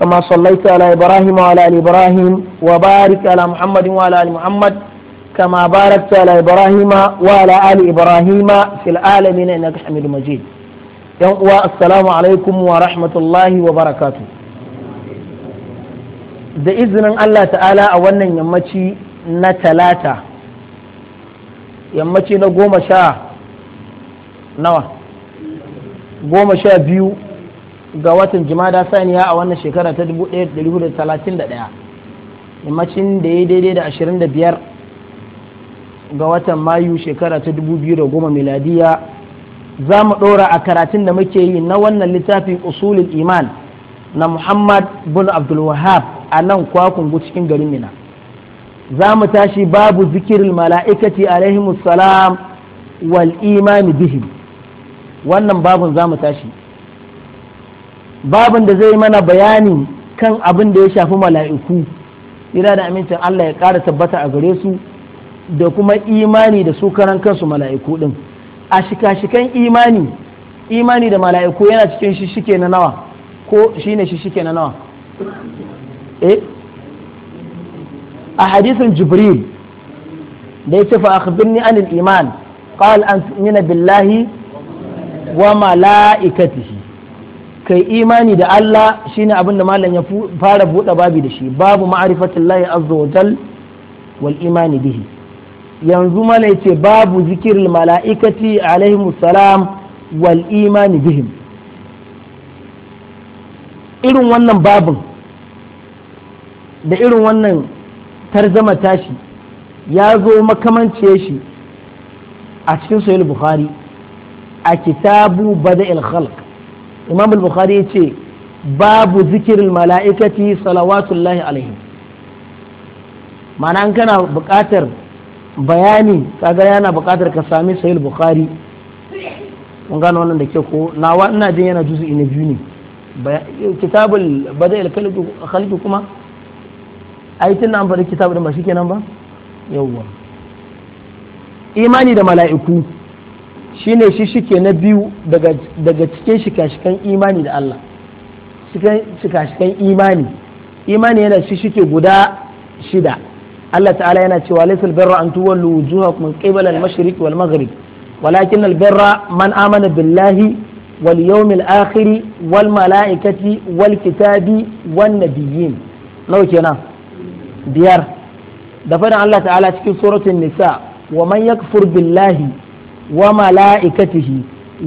كما صليت على إبراهيم وعلى آل إبراهيم وبارك على محمد وعلى آل محمد كما باركت على إبراهيم وعلى آل إبراهيم في العالمين إنك حميد مجيد السلام عليكم ورحمة الله وبركاته da izinin Allah ta'ala a wannan yammaci na talata yammaci na goma sha nawa goma sha biyu ga watan jimada saniya a wannan shekara ta 1431 yammacin da ya daidai da 25 ga watan mayu shekara ta 2010 miladiya za mu ɗora a karatun da muke yi na wannan littafin usulul iman na muhammad bin abdulwahab a nan kwakungu cikin garin mina za mu tashi babu zikirin mala'ikati alaihimussalam wal imani bihim wannan babun za mu tashi babin da zai mana bayani kan abin da ya shafi mala'iku ira da amincin Allah ya ƙara tabbata a gare su da kuma imani da su karan kansu mala'iku ɗin a shika-shikan imani imani da mala'iku yana cikin shishike na nawa ko shine shishike na nawa eh a hadisin jibril da ya ce fa akhbirni anil iman qala an tu'mina billahi wa mala'ikatihi kai imani da Allah shine abin da malam ya fara buɗe babi da shi babu ma'rifatillahi layi wa wal imani bihi yanzu mana yace babu zikirin mala'ikati alaihimus salam wal imani bihim irin wannan babin da irin wannan tarzama tashi ya zo makamance shi a cikin sahih bukhari a kitabu bada'il khalq imam al-bukhari ya ce babu zikirin mala'ikati salawatullahi alaihim mana an kana buƙatar bayani kaga yana buƙatar ka sami sahih bukhari mun gano wannan da ke ko nawa ina jin yana juzu ina biyu ne kitabul bada'il khalqi kuma ai tun an fara kitabul ba shikenan ba yawwa imani da mala'iku shine shi shike na biyu daga cikin shikashikan imani da Allah imani imani yana shi shike guda shida Allah ta'ala yana cewa laysal birra an tuwallu wujuhakum qibala al-mashriq wal maghrib walakin al-birra man amana billahi wal yawmil akhir wal malaikati wal kitabi wan nabiyyin nawa kenan biyar da faɗin Allah ta'ala cikin suratul nisa wa man yakfur billahi wa mala'ikatihi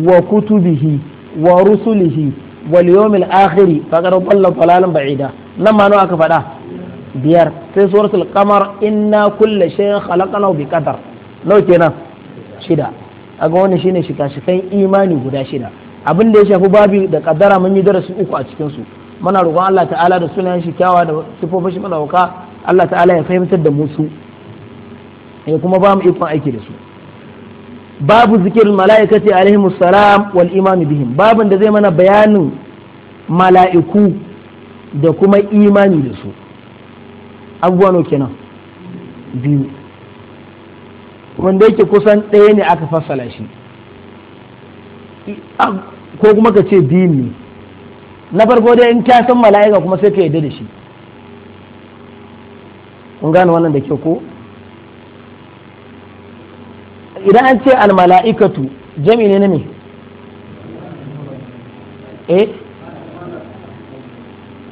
wa kutubihi wa rusulihi akhiri, yawmil akhir faqad dhalla dhalalan ba'ida nan ma nawa aka faɗa biyar sai suratul qamar inna kulla na khalaqnahu bi qadar nawa kenan shida aga wannan shine shika-shikan imani guda shida abin da ya shafi babi da kaddara mun yi darasi uku a cikin su muna roƙon Allah ta'ala da sunayen shi kyawa da sifofin shi madauka Allah ta'ala ya fahimtar da musu. ya kuma ba mu ikon aiki da su babu zikirin mala'ikati alaihimus salam wal imani bihim babin da zai mana bayanin mala'iku da kuma imani da su abubuwa no kenan biyu wanda yake kusan ɗaya ne aka fassala shi ko kuma ka ce biyu ne na farko dai in ka san mala'ika kuma sai ka yarda da shi kun gane wannan da kyau ko idan an ce almala'ikatu jami ne na me eh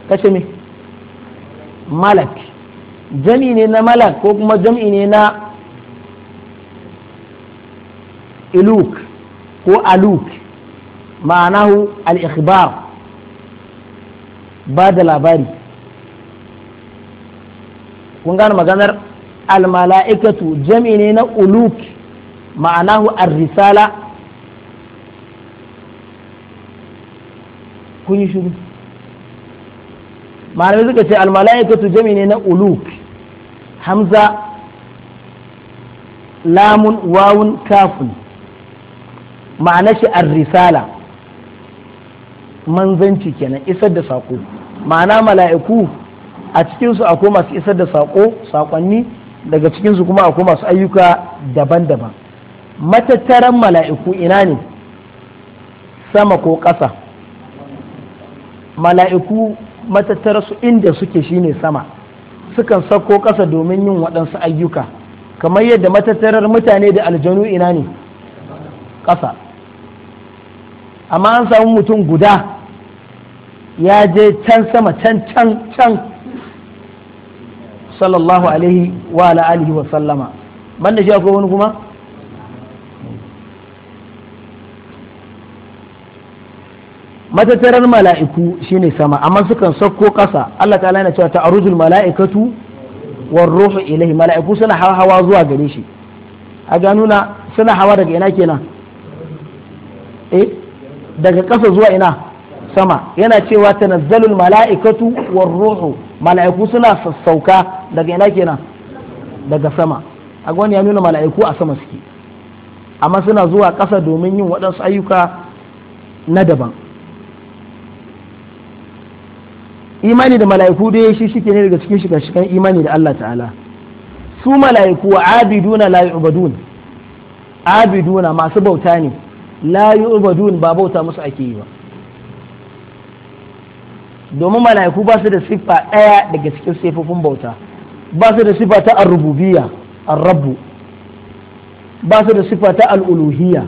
kashe me malak jami ne na malak ko kuma jami ne na iluk ko aluk ma'anahu al-ikhbar ba da labari kun gane maganar almala'ikatu jami ne na uluk ma'anahu ar-risala kun yi shiru malamai suka ce almala'ikatu jami ne na uluk hamza lamun wawun kafin ma'ana shi ar-risala manzanci kenan isar da saƙo ma'ana mala'iku a cikinsu akwai masu isar da saƙo saƙonni daga cikinsu kuma akwai masu ayyuka daban-daban matattaran mala'iku ina ne sama ko ƙasa mala'iku inda suke shine sama sukan sako ƙasa domin yin waɗansu ayyuka kamar yadda matattarar mutane da aljanu ina ne ƙasa amma an samu mutum guda ya je can sama can can can sallallahu alaihi wa alihi wa sallama banda shi akwai wani kuma matattarar mala'iku shine sama amma sukan sauko ƙasa Allah ta'ala yana cewa ta'arujul mala'ikatu war ruhu ilahi mala'iku suna hawa zuwa gare shi a ga nuna suna hawa daga ina kenan eh daga ƙasa zuwa ina sama yana cewa tanazzalul mala'ikatu war ruhu mala'iku suna sassauka daga ina kenan daga sama a wani ya nuna mala'iku a sama suke amma suna zuwa ƙasa domin yin waɗansu ayyuka na daban imani da mala'iku dai shi shike ne daga cikin shiga shikan imani da Allah ta'ala su mala'iku wa abiduna la yu'badun abiduna masu bauta ne la yu'badun ba bauta musu ake yi ba domin mala'iku ba su da siffa ɗaya daga cikin sifofin bauta ba su da siffa ta ar-rububiyya ar rabb ba su da siffa ta al-uluhiyya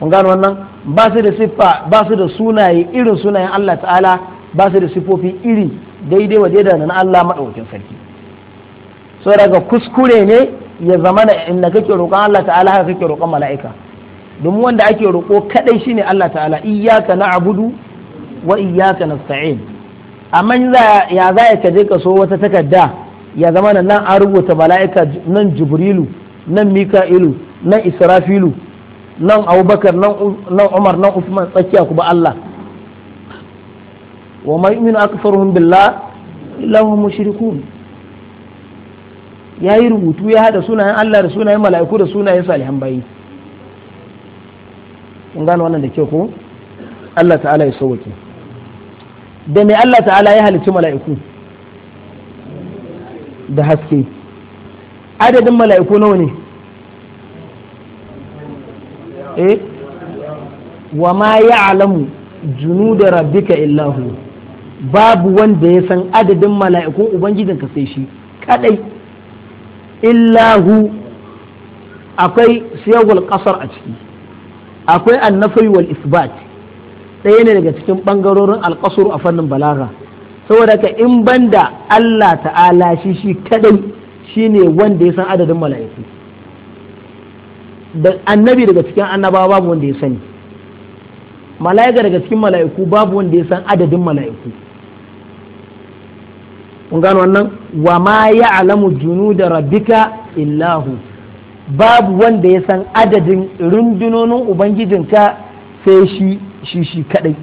kun gano wannan ba su da siffa ba su da sunaye irin sunayen Allah ta'ala ba su da siffofi iri daidai wa daidai na Allah maɗaukin sarki so daga kuskure ne ya zama da inda kake roƙon Allah ta'ala haka kake roƙon mala'ika domin wanda ake roƙo kadai shine Allah ta'ala iyyaka na'budu wa iyyaka nasta'in amma ya za ka je ka so wata takarda ya zama nan an rubuta mala'ika nan jibrilu nan mika'ilu nan israfilu nan abubakar nan umar nan usman tsakiya ku ba Allah wa ma yu'minu akfaruhum billah illa hum mushrikun yayi rubutu ya hada sunayen Allah da sunayen mala'iku da sunayen salihan bayi kun gane wannan da ke ko Allah ta'ala ya sauke da me Allah ta'ala ya halicci mala'iku da haske adadin mala'iku nawa ne eh wa ma ya'lamu junuda rabbika illa hu babu wanda ya san adadin mala'ikun ubangijinka sai shi kadai illahu akwai siyagul qasar a ciki akwai annafi wal isbat ɗaya ne daga cikin ɓangarorin alƙasur a fannin balaga saboda ka in banda Allah ta'ala shi shi kadai shine wanda ya san adadin mala'iku da annabi daga cikin annabawa babu wanda ya sani mala'ika daga cikin mala'iku babu wanda ya san adadin mala'iku kun gano wannan wa ma ya'lamu junuda rabbika illahu babu wanda ya san adadin rundunonin ubangijinka sai shi shi shi kadai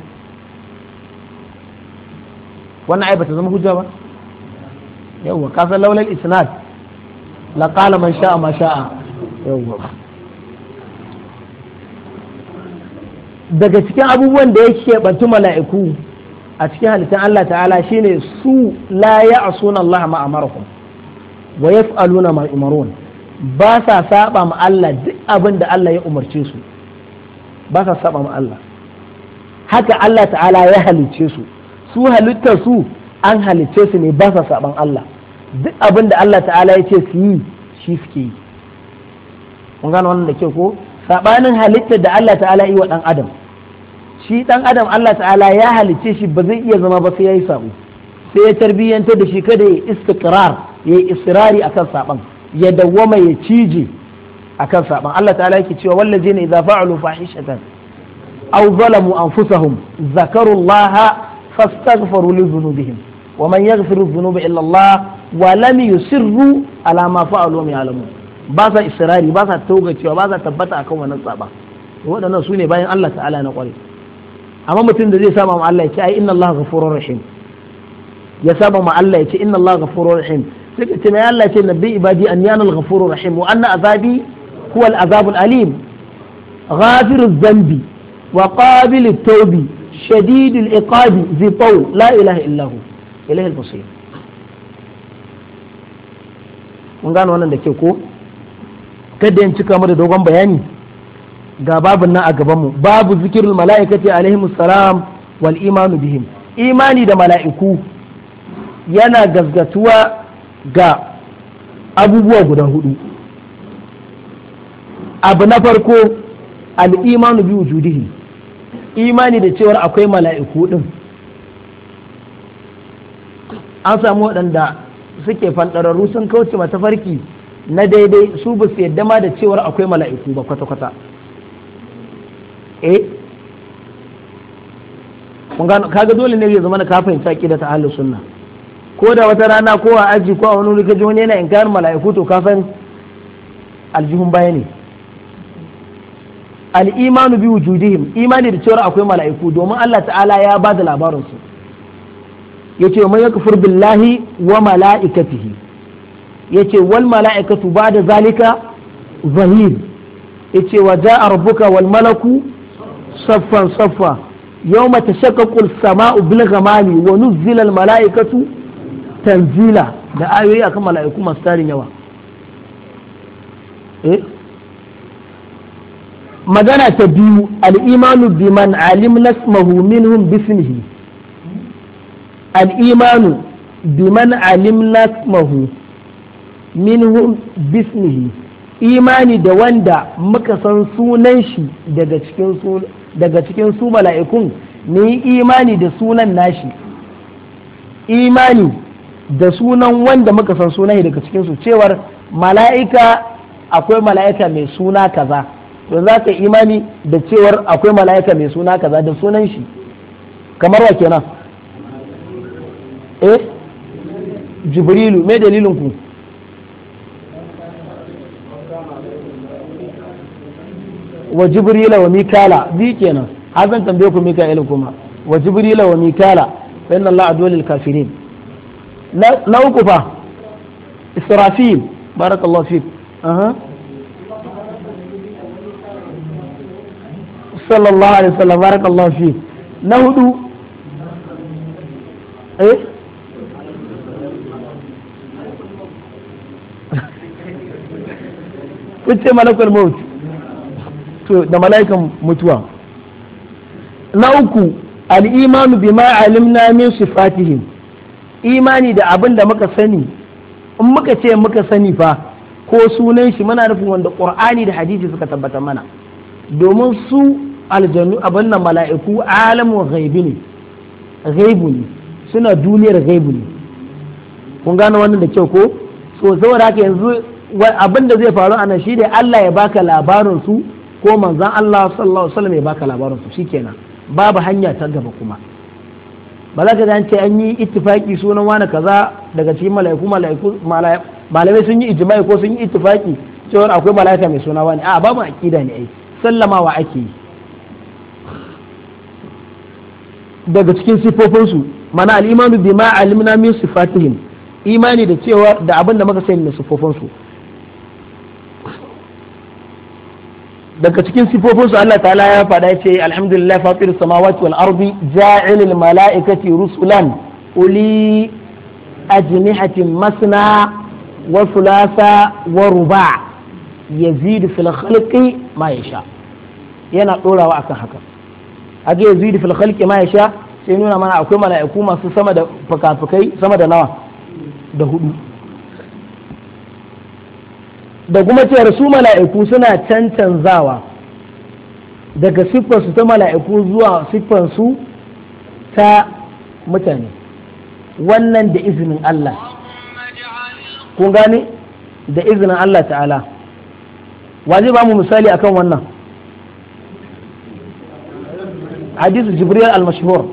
wannan ai bata zama hujja ba yawwa kasan laulal isnad la qala man sha'a ma sha'a yawwa daga cikin abubuwan da yake bantu mala'iku a cikin halittar Allah ta'ala shi ne su la sunan Allah ma amarakum wa yaf'aluna ma yumarun ba sa saba ma Allah duk abin da Allah ya umarce su ba sa saba ma Allah haka Allah ta'ala ya halicce su su halittar su an halicce su ne ba sa saban Allah duk abin da Allah ta'ala ya ce su yi shi suke yi kun gane wannan da ke ko Saɓanin halittar da Allah ta'ala yi wa ɗan adam shi dan adam Allah ta'ala ya halice shi ba zai iya zama ba sai yayi sabo sai ya tarbiyyantar da shi kada ya istiqrar ya yi israri akan saban ya dawwama ya cije akan saban Allah ta'ala yake cewa wallazina idza fa'alu fahishatan aw zalamu anfusahum zakarullaha fastaghfiru li dhunubihim ومن يغفر الذنوب إلا الله ولم يسروا على ما فعلوا من alamu ba sa israri ba sa togacewa ba sa tabbata akan wannan saba waɗannan su ne bayan Allah ta'ala na kwarai amma mutum da zai saba ma Allah ya ce ai inna Allah ghafurur rahim ya saba ma Allah ya ce inna Allah ghafurur rahim sai ka ce mai Allah ya ce nabbi ibadi an yana al-ghafurur rahim wa anna azabi huwa al-azabul alim ghafiruz dhanbi wa qabilut tawbi shadidul iqabi zi tawl la ilaha illa hu ilayhi al mun gano wannan da ke ko kada in cika mu da dogon bayani ga babun nan a gaban mu babu zikirul mala'ikati alaihim salam wal imanu bihim imani da mala'iku yana gazgatuwa ga abubuwa guda hudu abu na farko al imanu bi wujudihi imani da cewar akwai mala'iku din an samu waɗanda suke fanɗararru sun kauce mata farki na daidai su ba su yadda ma da cewar akwai mala'iku ba kwata-kwata eh mun kaga dole ne ya zama na kafin fahimci aqida ta ahlus sunna ko da wata rana ko a aji ko a wani wuri kaji wani yana kayan mala'iku to kafin aljihun baya ne al-imanu bi wujudihim imani da cewa akwai mala'iku domin Allah ta'ala ya ba da labarin su yace man yakfur billahi wa mala'ikatihi yace wal mala'ikatu ba'da zalika zahir yace wa ja'a rabbuka wal malaku saffan saffa yau mata shakakul sama'u bil gamani wa nuzzila mala'ikatu tanzila da ayoyi akan mala'iku masu tarin yawa magana ta biyu al'imanu biman alim nasmahu minhum bismihi al'imanu biman alim nasmahu minhum bismihi imani da wanda muka san sunan shi daga cikin sunan. daga cikin su mala'ikun ne imani da sunan nashi imani da sunan wanda muka san sunan daga cikinsu cewar mala'ika akwai mala'ika mai suna kaza to za ka imani da cewar akwai mala'ika mai suna kaza da sunan shi kamar wa kenan eh jibrilu me dalilin ku وجبريل وميكالا ذيكينا هذا انت بيكم ميكائيل كما وجبريل وميكالا فإن الله عدو للكافرين لا لا أكفى إسرافيل بارك الله فيك أه. صلى الله عليه وسلم بارك الله فيك نهدو ايه كنت ملك الموت da mala'ikan mutuwa na uku al'imanu bima alimna min sifatihim imani da abin da muka sani in muka ce muka sani fa ko sunan shi muna nufin wanda qur'ani da hadisi suka tabbata mana domin su aljannu abin nan mala'iku alamu ghaibi ne ghaibu ne suna duniyar ghaibu ne kun gane wannan da kyau ko so saboda haka yanzu abin da zai faru a nan shi ne Allah ya baka labarin su ko manzan Allah sallallahu alaihi wasallam ya baka labarin su shikenan babu hanya ta gaba kuma ba za ka ga ce an yi ittifaki sunan wani kaza daga cikin mala'iku mala'iku malamai sun yi ijma'i ko sun yi ittifaki cewa akwai mala'ika mai suna wani a babu aqida ne ai sallamawa ake yi daga cikin sifofinsu mana al-imanu bima alimna min sifatihim imani da cewa da abinda muka sani na sifofinsu daga cikin su Allah ta'ala ya faɗa ce alhamdulillah fatir samawati wal ardi ja'ilil mala'ikati rusulan uli ajnihatin masna wa thulatha wa ruba' yazidu fil khalqi ma yasha yana dorawa akan haka aje yazidu fil khalqi ma yasha sai nuna mana akwai mala'iku masu sama da sama da nawa da hudu da kuma cewar su mala'iku suna cancanzawa daga siffarsu ta mala'iku zuwa siffarsu ta mutane wannan da izinin Allah kun gani da izinin Allah ta'ala waje ba mu misali akan wannan hadisu jibril al-mashhur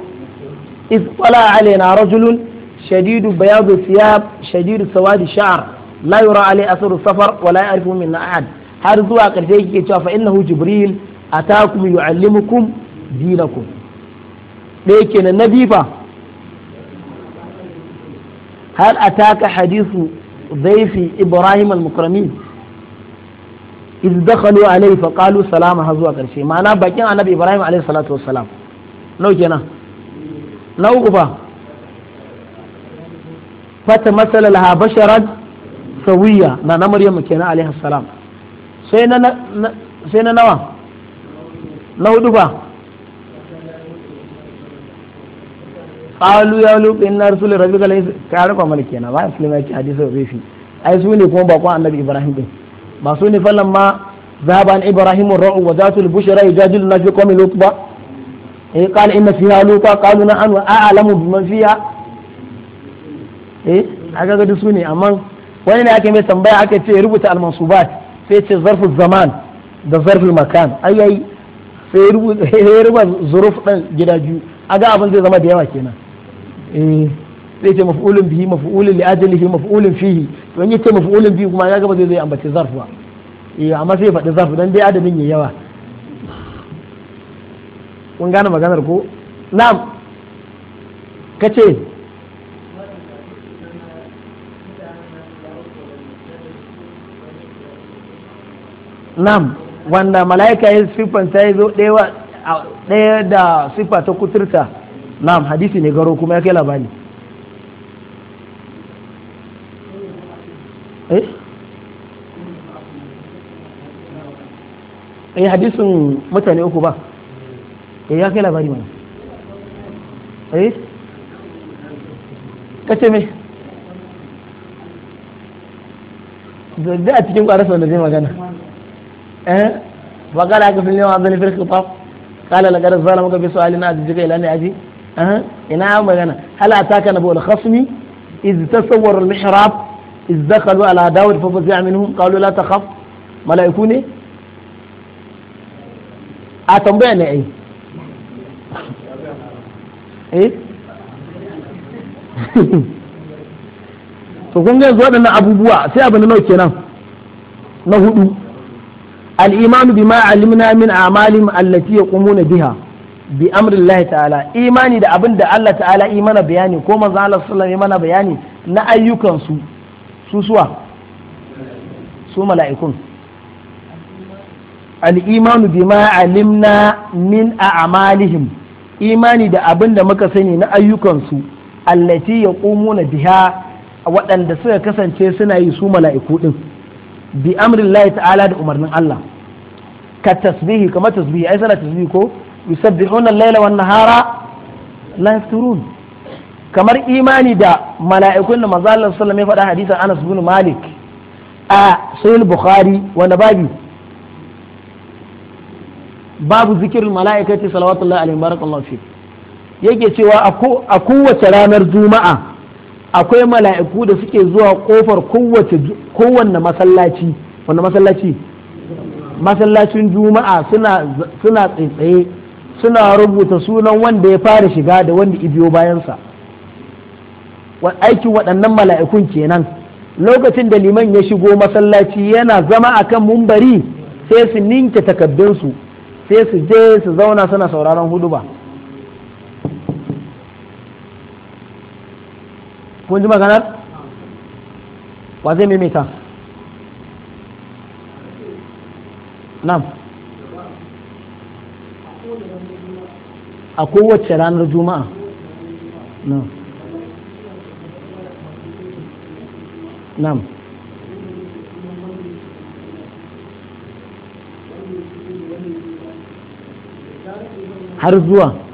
iz qala alaina rajulun shadidu bayadu thiyab shadidu sawadi sha'ar la yura alai asru safar wa la ya'rifu min ahad har zuwa karshe yake cewa fa innahu jibril atakum yu'allimukum dinakum ɗaya kenan na bifa hal ataka hadithu ضيف إبراهيم المكرمين إذ دخلوا عليه فقالوا سلام هزوا كرشي معناه باكين على نبي إبراهيم عليه الصلاة والسلام لو جنا لو فتمثل لها بشرا sawiya na na maryamu kenan alaihi salam sai na sai na nawa na hudu ba qalu ya lubi na rasul rabbi laysa ka rufa mana kenan ba muslim ya hadisi hadisi rufi ai su ne kuma bakon annabi ibrahim din ba su ne fallan ma ذهب عن ابراهيم الرعو وذات البشرى يجادلنا في قوم لوط إيه قال إن فيها لوطا قالوا نعم أعلم بمن فيها إيه حاجة قد سوني أمان wani ne ake mai tambaya aka ce rubuta al-mansubat sai ce zarfin zaman da zarfin makan ayyai sai rubuta zuruf ɗin gida biyu aga abin zai zama da yawa kenan eh sai ce maf'ulun bihi maf'ulun li ajlihi maf'ulun fihi to in yace maf'ulun bihi kuma ya gaba zai zai ambace zarfuwa ba eh amma sai ya faɗi zarfu dan dai adadin yayi yawa kun gane maganar ko na'am kace nam wanda mala'ika ya siffanta ya zo ɗaya da siffa ta kuturta nam hadisi ne garo kuma ya kai labari eh eh hadisin mutane uku ba eh ya kai labari mana eh kace me da a cikin ƙwararsa wanda zai magana وقال لك في اليوم أذن في الخطاب قال لقد ظلمك بسؤال ما أجيك إلى أن أه إنا مغانا هل أتاك نبؤ الخصم إذ تصور المحراب إذ دخلوا على داود ففزع منهم قالوا لا تخف ملائكو ne a tambaya ne eh to kun ga waɗannan abubuwa sai abin nawa kenan na hudu al-imanu bima alimna min a'malihim da Allah ta'ala yi mana bayani ko manzo Allah sallallahu mana bayani na ayyukan su su suwa su a'malihim imani da abin muka sani na ayyukan su allati yaqumuna biha waɗanda suka kasance suna yi su mala'iku bi amrin Allah ta'ala da umarnin Allah ka tasbihi kamar tasbihi ai sana tasbihi ko yusabbihuna al-laila wan nahara la yafturun kamar imani da mala'ikun da manzo Allah sallallahu alaihi faɗa hadisin Anas bin Malik a sahih Bukhari wanda babu babu zikirin mala'ikati salawatullahi alaihi barakallahu fi yake cewa a kowace ranar juma'a akwai mala'iku da suke zuwa kofar kowace kowanne masallaci wanda masallaci masallacin juma'a suna suna tsaitsaye suna rubuta sunan wanda ya fara shiga da wanda ibiyo bayansa aikin waɗannan mala'ikun kenan lokacin da liman ya shigo masallaci yana zama akan mumbari sai su ninke takaddunsu sai su je su zauna suna sauraron huduba. kun ji maganar wa zai maimaita nam a kowace ranar juma'a nam nam har zuwa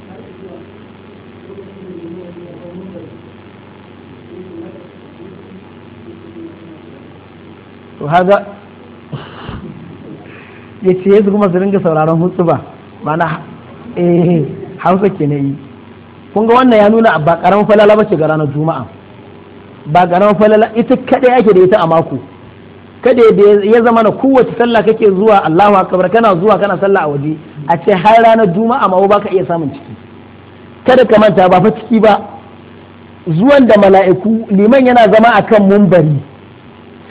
to haga ya ce yanzu kuma su ringa sauraron hutu ba mana eh hausa ke na yi kun ga wannan ya nuna ba karamin falala ba ce ga ranar juma'a ba karamin falala ita kadai ake da ita a mako kada da ya zama na kowace sallah kake zuwa Allahu akbar kana zuwa kana sallah a waje a ce har ranar juma'a ma ba ka iya samun ciki kada ka manta ba fa ciki ba zuwan da mala'iku liman yana zama a akan mumbari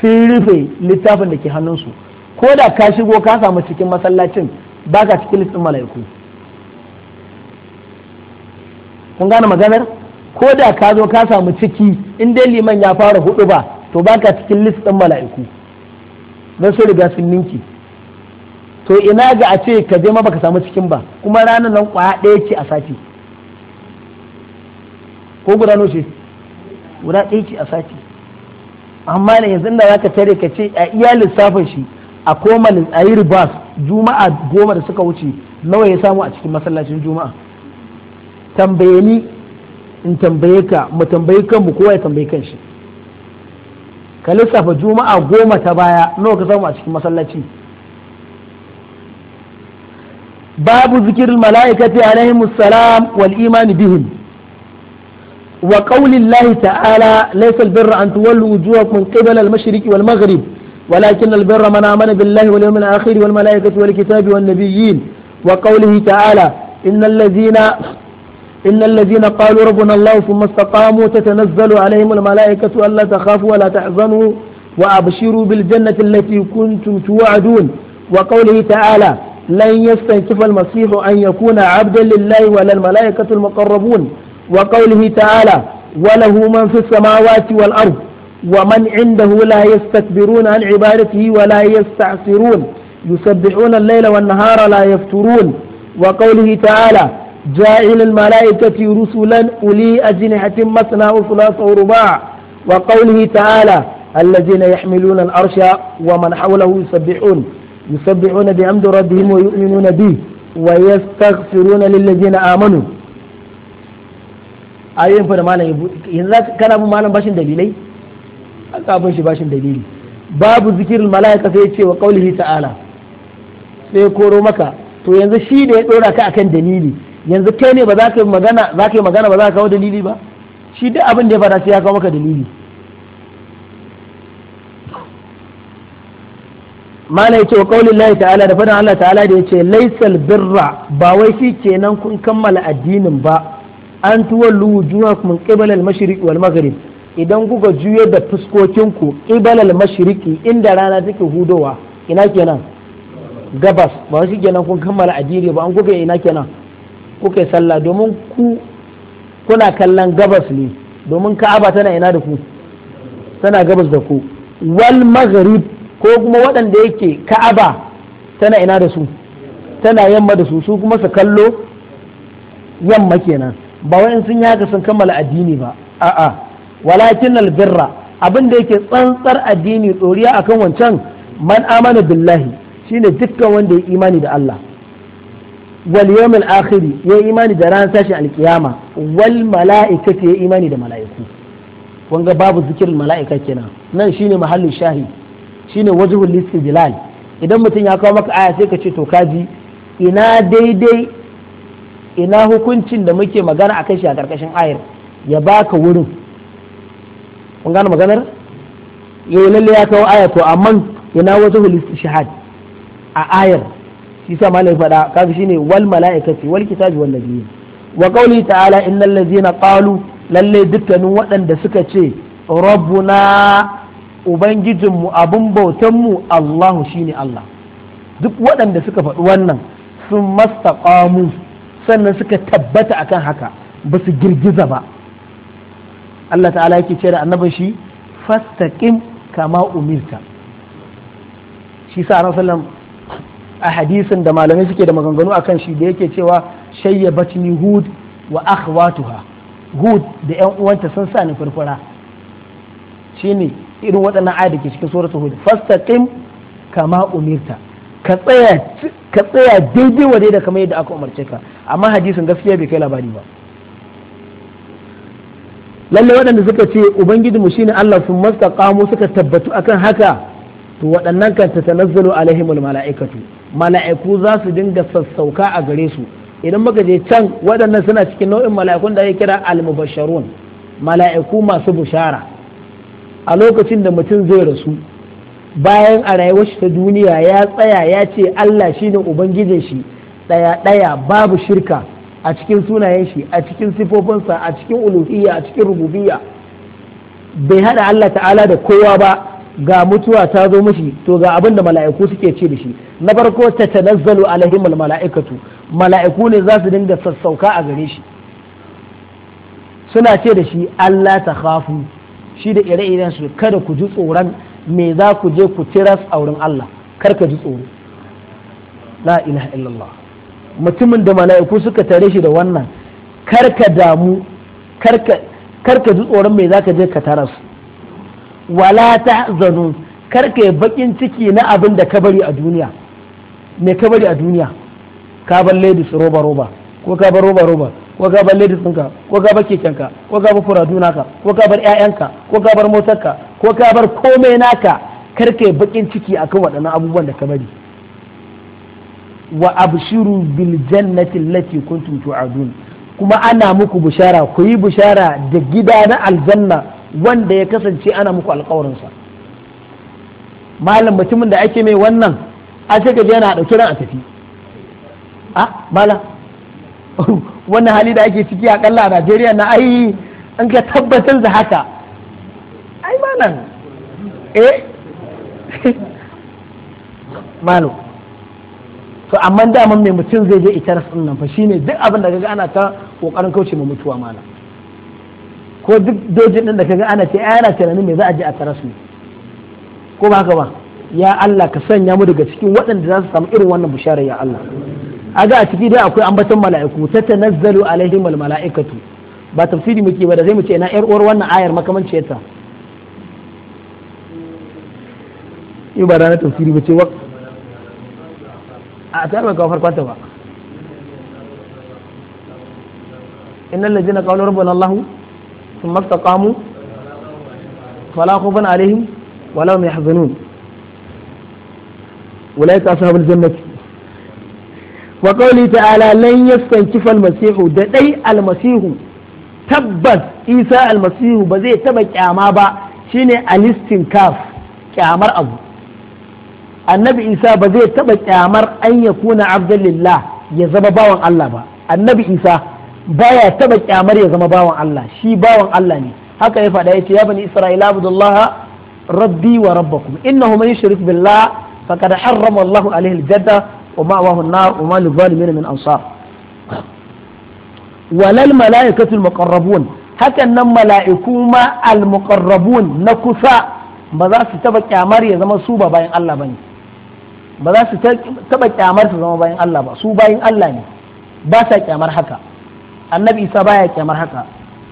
sun rufe littafin da ke hannunsu ko da ka shigo ka samu cikin masallacin baka cikin listin mala'iku kun gane maganar ko da ka zo ka samu ciki in dai liman ya fara hudu ba to baka cikin listin mala'iku don sun riga sun ninki to ina ga a ce ka je ma baka samu cikin ba kuma ranar nan kwaya ɗaya ce a sati ko guda ce guda ɗaya ce a sati amma ne yanzu da zaka tare ka ce a iya lissafin shi a koma a yi ribas juma'a goma da suka wuce nawa ya samu a cikin masallacin juma'a tambaye ni in tambaye ka mu tambaye kanmu kowa ya tambaye kan shi ka lissafa juma'a goma ta baya nawa ka samu a cikin masallaci babu zikirin mala'ikati alaihimus salam wal imani bihim وقول الله تعالى ليس البر أن تولوا وجوهكم قبل المشرق والمغرب ولكن البر من آمن بالله واليوم الآخر والملائكة والكتاب والنبيين وقوله تعالى إن الذين إن الذين قالوا ربنا الله ثم استقاموا تتنزل عليهم الملائكة ألا تخافوا ولا تحزنوا وأبشروا بالجنة التي كنتم توعدون وقوله تعالى لن يستنكف المسيح أن يكون عبدا لله ولا الملائكة المقربون وقوله تعالى وله من في السماوات والأرض ومن عنده لا يستكبرون عن عبادته ولا يستعسرون يسبحون الليل والنهار لا يفترون وقوله تعالى جاعل الملائكة رسلا أولي أجنحة مثنى وثلاث ورباع وقوله تعالى الذين يحملون الأرش ومن حوله يسبحون يسبحون بحمد ربهم ويؤمنون به ويستغفرون للذين آمنوا ayoyin fa da malam ya buɗe yanzu kana bin malam bashin dalilai ka bin shi bashin dalili babu zikirin mala'ika sai ce wa qaulihi ta'ala sai koro maka to yanzu shi da ya dora ka akan dalili yanzu kai ne ba za ka yi magana za ka yi magana ba za ka kawo dalili ba shi duk abin da ya faɗa sai ya kawo maka dalili mala ce wa qaulin Allah ta'ala da fadin Allah ta'ala da ya ce laisal birra ba wai shi kenan kun kammala addinin ba an tuwallu wujuhakum min qibala al-mashriq wal maghrib idan kuka juyar da fuskokinku qibala al-mashriqi inda rana take hudowa ina kenan gabas ba shi kenan kun kammala adiri ba an kuka ina kenan kuka sallah domin ku kuna kallon gabas ne domin ka'aba tana ina da ku tana gabas da ku wal maghrib ko kuma waɗanda yake ka'aba tana ina da su tana yamma da su su kuma su kallo yamma kenan ba wai sun yaga sun kammala addini ba a'a walakin albirra abin da yake tsantsar addini tsoriya akan wancan man amana billahi shine dukkan wanda ya imani da Allah wal yawmil akhir ya imani da ran sashi alkiyama wal mala'ikati ya imani da mala'iku kun ga babu zikirin mala'ika kenan nan shine mahallin shahi shine wajhul Bilal, idan mutum ya kawo maka aya sai ka ce to kaji ina daidai ina hukuncin da muke magana a shi a ƙarƙashin ayar ya baka wurin kun gane maganar yau lalle ya kawo aya to amma ina wata hulisti shahad a ayar shi sa malai faɗa kaga shine wal mala'ikati wal kitabi wal nabiyyin wa qawli ta'ala innal ladzina qalu lalle dukkanin waɗanda suka ce rabbuna ubangijinmu abin mu Allahu shine Allah duk waɗanda suka faɗi wannan sun mastaqamu sannan suka tabbata akan haka ba su girgiza ba Allah ta'ala yake ce da annabin shi fastaqim kama umirta shi sa ran sallam a hadisin da malamai suke da maganganu akan shi da yake cewa shayyabatni hud wa akhwatuha hud da yan uwanta sun sa ni furfura shine irin waɗannan ayat da ke cikin suratul hud fastaqim kama umirta ka tsaya daidai wa da kamar yadda aka umarce ka amma hadisin gaskiya bai kai labari ba lalle waɗanda suka ce Ubangiji mu shine Allah sun masta mastaqamu suka tabbatu akan haka to waɗannan kan ta tanazzalu alaihimul mala'ikatu mala'iku za su dinga sassauka a gare su idan muka je can waɗannan suna cikin nau'in mala'ikun da ake kira almubasharun mala'iku masu bushara a lokacin da mutum zai rasu bayan a rayuwar shi ta duniya ya tsaya ya ce Allah shine ubangijin shi daya daya babu shirka a cikin sunayen shi a cikin sifofinsa a cikin uluhiyya a cikin rububiyya bai hada Allah ta'ala da kowa ba ga mutuwa ta zo mashi to ga abin da mala'iku suke ce da shi na farko ta tanazzalu alaihim mala'ikatu mala'iku ne za su dinga sassauka a gare shi suna ce da shi Allah ta khafu shi da ire-iren su kada ku ji tsoron me za ku je ku tiras a wurin Allah kar ka ji tsoro la ilaha illallah mutumin da mala'iku suka tare shi da wannan kar ka damu kar ka ji tsoron me za ka je ka taras wala tahzanu kar ka yi bakin ciki na abin da ka bari a duniya me ka bari a duniya ka bar ladies roba roba ko ka bar roba roba ko ka bar ladies ɗinka ko ka bar kekenka ko ka bar furadunaka ko ka bar 'ya'yanka ko ka bar motarka ko ka bar komai naka yi bakin ciki akan waɗannan abubuwan da ka bari wa abshiru bil jannati allati kuntum tu'adun kuma ana muku bishara ku yi bishara da gida na aljanna wanda ya kasance ana muku alƙawarinsa malam mutumin da ake mai wannan a ce yana ɗauki ran a tafi a ah, mala wannan hali da ake ciki a kalla a najeriya na ai an ka tabbatar da haka nan eh malu to amma daman mai mutum zai je ita rasul nan fa shine duk abin da kaga ana ta kokarin kauce ma mutuwa malam ko duk dojin din da kaga ana ce ana tunanin me za a je a ta ko ba haka ba ya Allah ka sanya mu daga cikin waɗanda za su samu irin wannan bishara ya Allah a ga a ciki dai akwai ambaton mala'iku ta tanazzalu alaihim mala'ikatu ba tafsiri muke ba da zai mu ce na yar uwar wannan ayar ta. yi ba ranar tafsiri ba ce wa a ta bai kawo farkon ta ba innal ladzina qalu rabbana allah thumma kamu fala bana alaihim wala mai wala ya kasu habar jannati wa qawli ta'ala lan yastankifa al-masihu da dai almasihu tabbas isa almasihu ba zai taba kyama ba shine alistin kaf kyamar abu annabi isa ba zai taba kyamar an ya kuna abdullillah ya zama bawan Allah ba annabi isa baya taba kyamar ya zama bawan Allah shi bawan Allah ne haka ya faɗa yace ya bani isra'ila abdullah rabbi wa rabbakum innahu man yushrik billah faqad harrama allah alaihi aljanna wa ma'wahu an-nar wa ma lizalimin min ansar walal mala'ikatul muqarrabun hakan nan mala'iku ma al-muqarrabun na kusa ba za su taba kyamar ya zama su ba bayan Allah bane ba za su taɓa kyamar su zama bayan Allah ba su bayan Allah ne ba sa kyamar haka annabi isa ya kyamar haka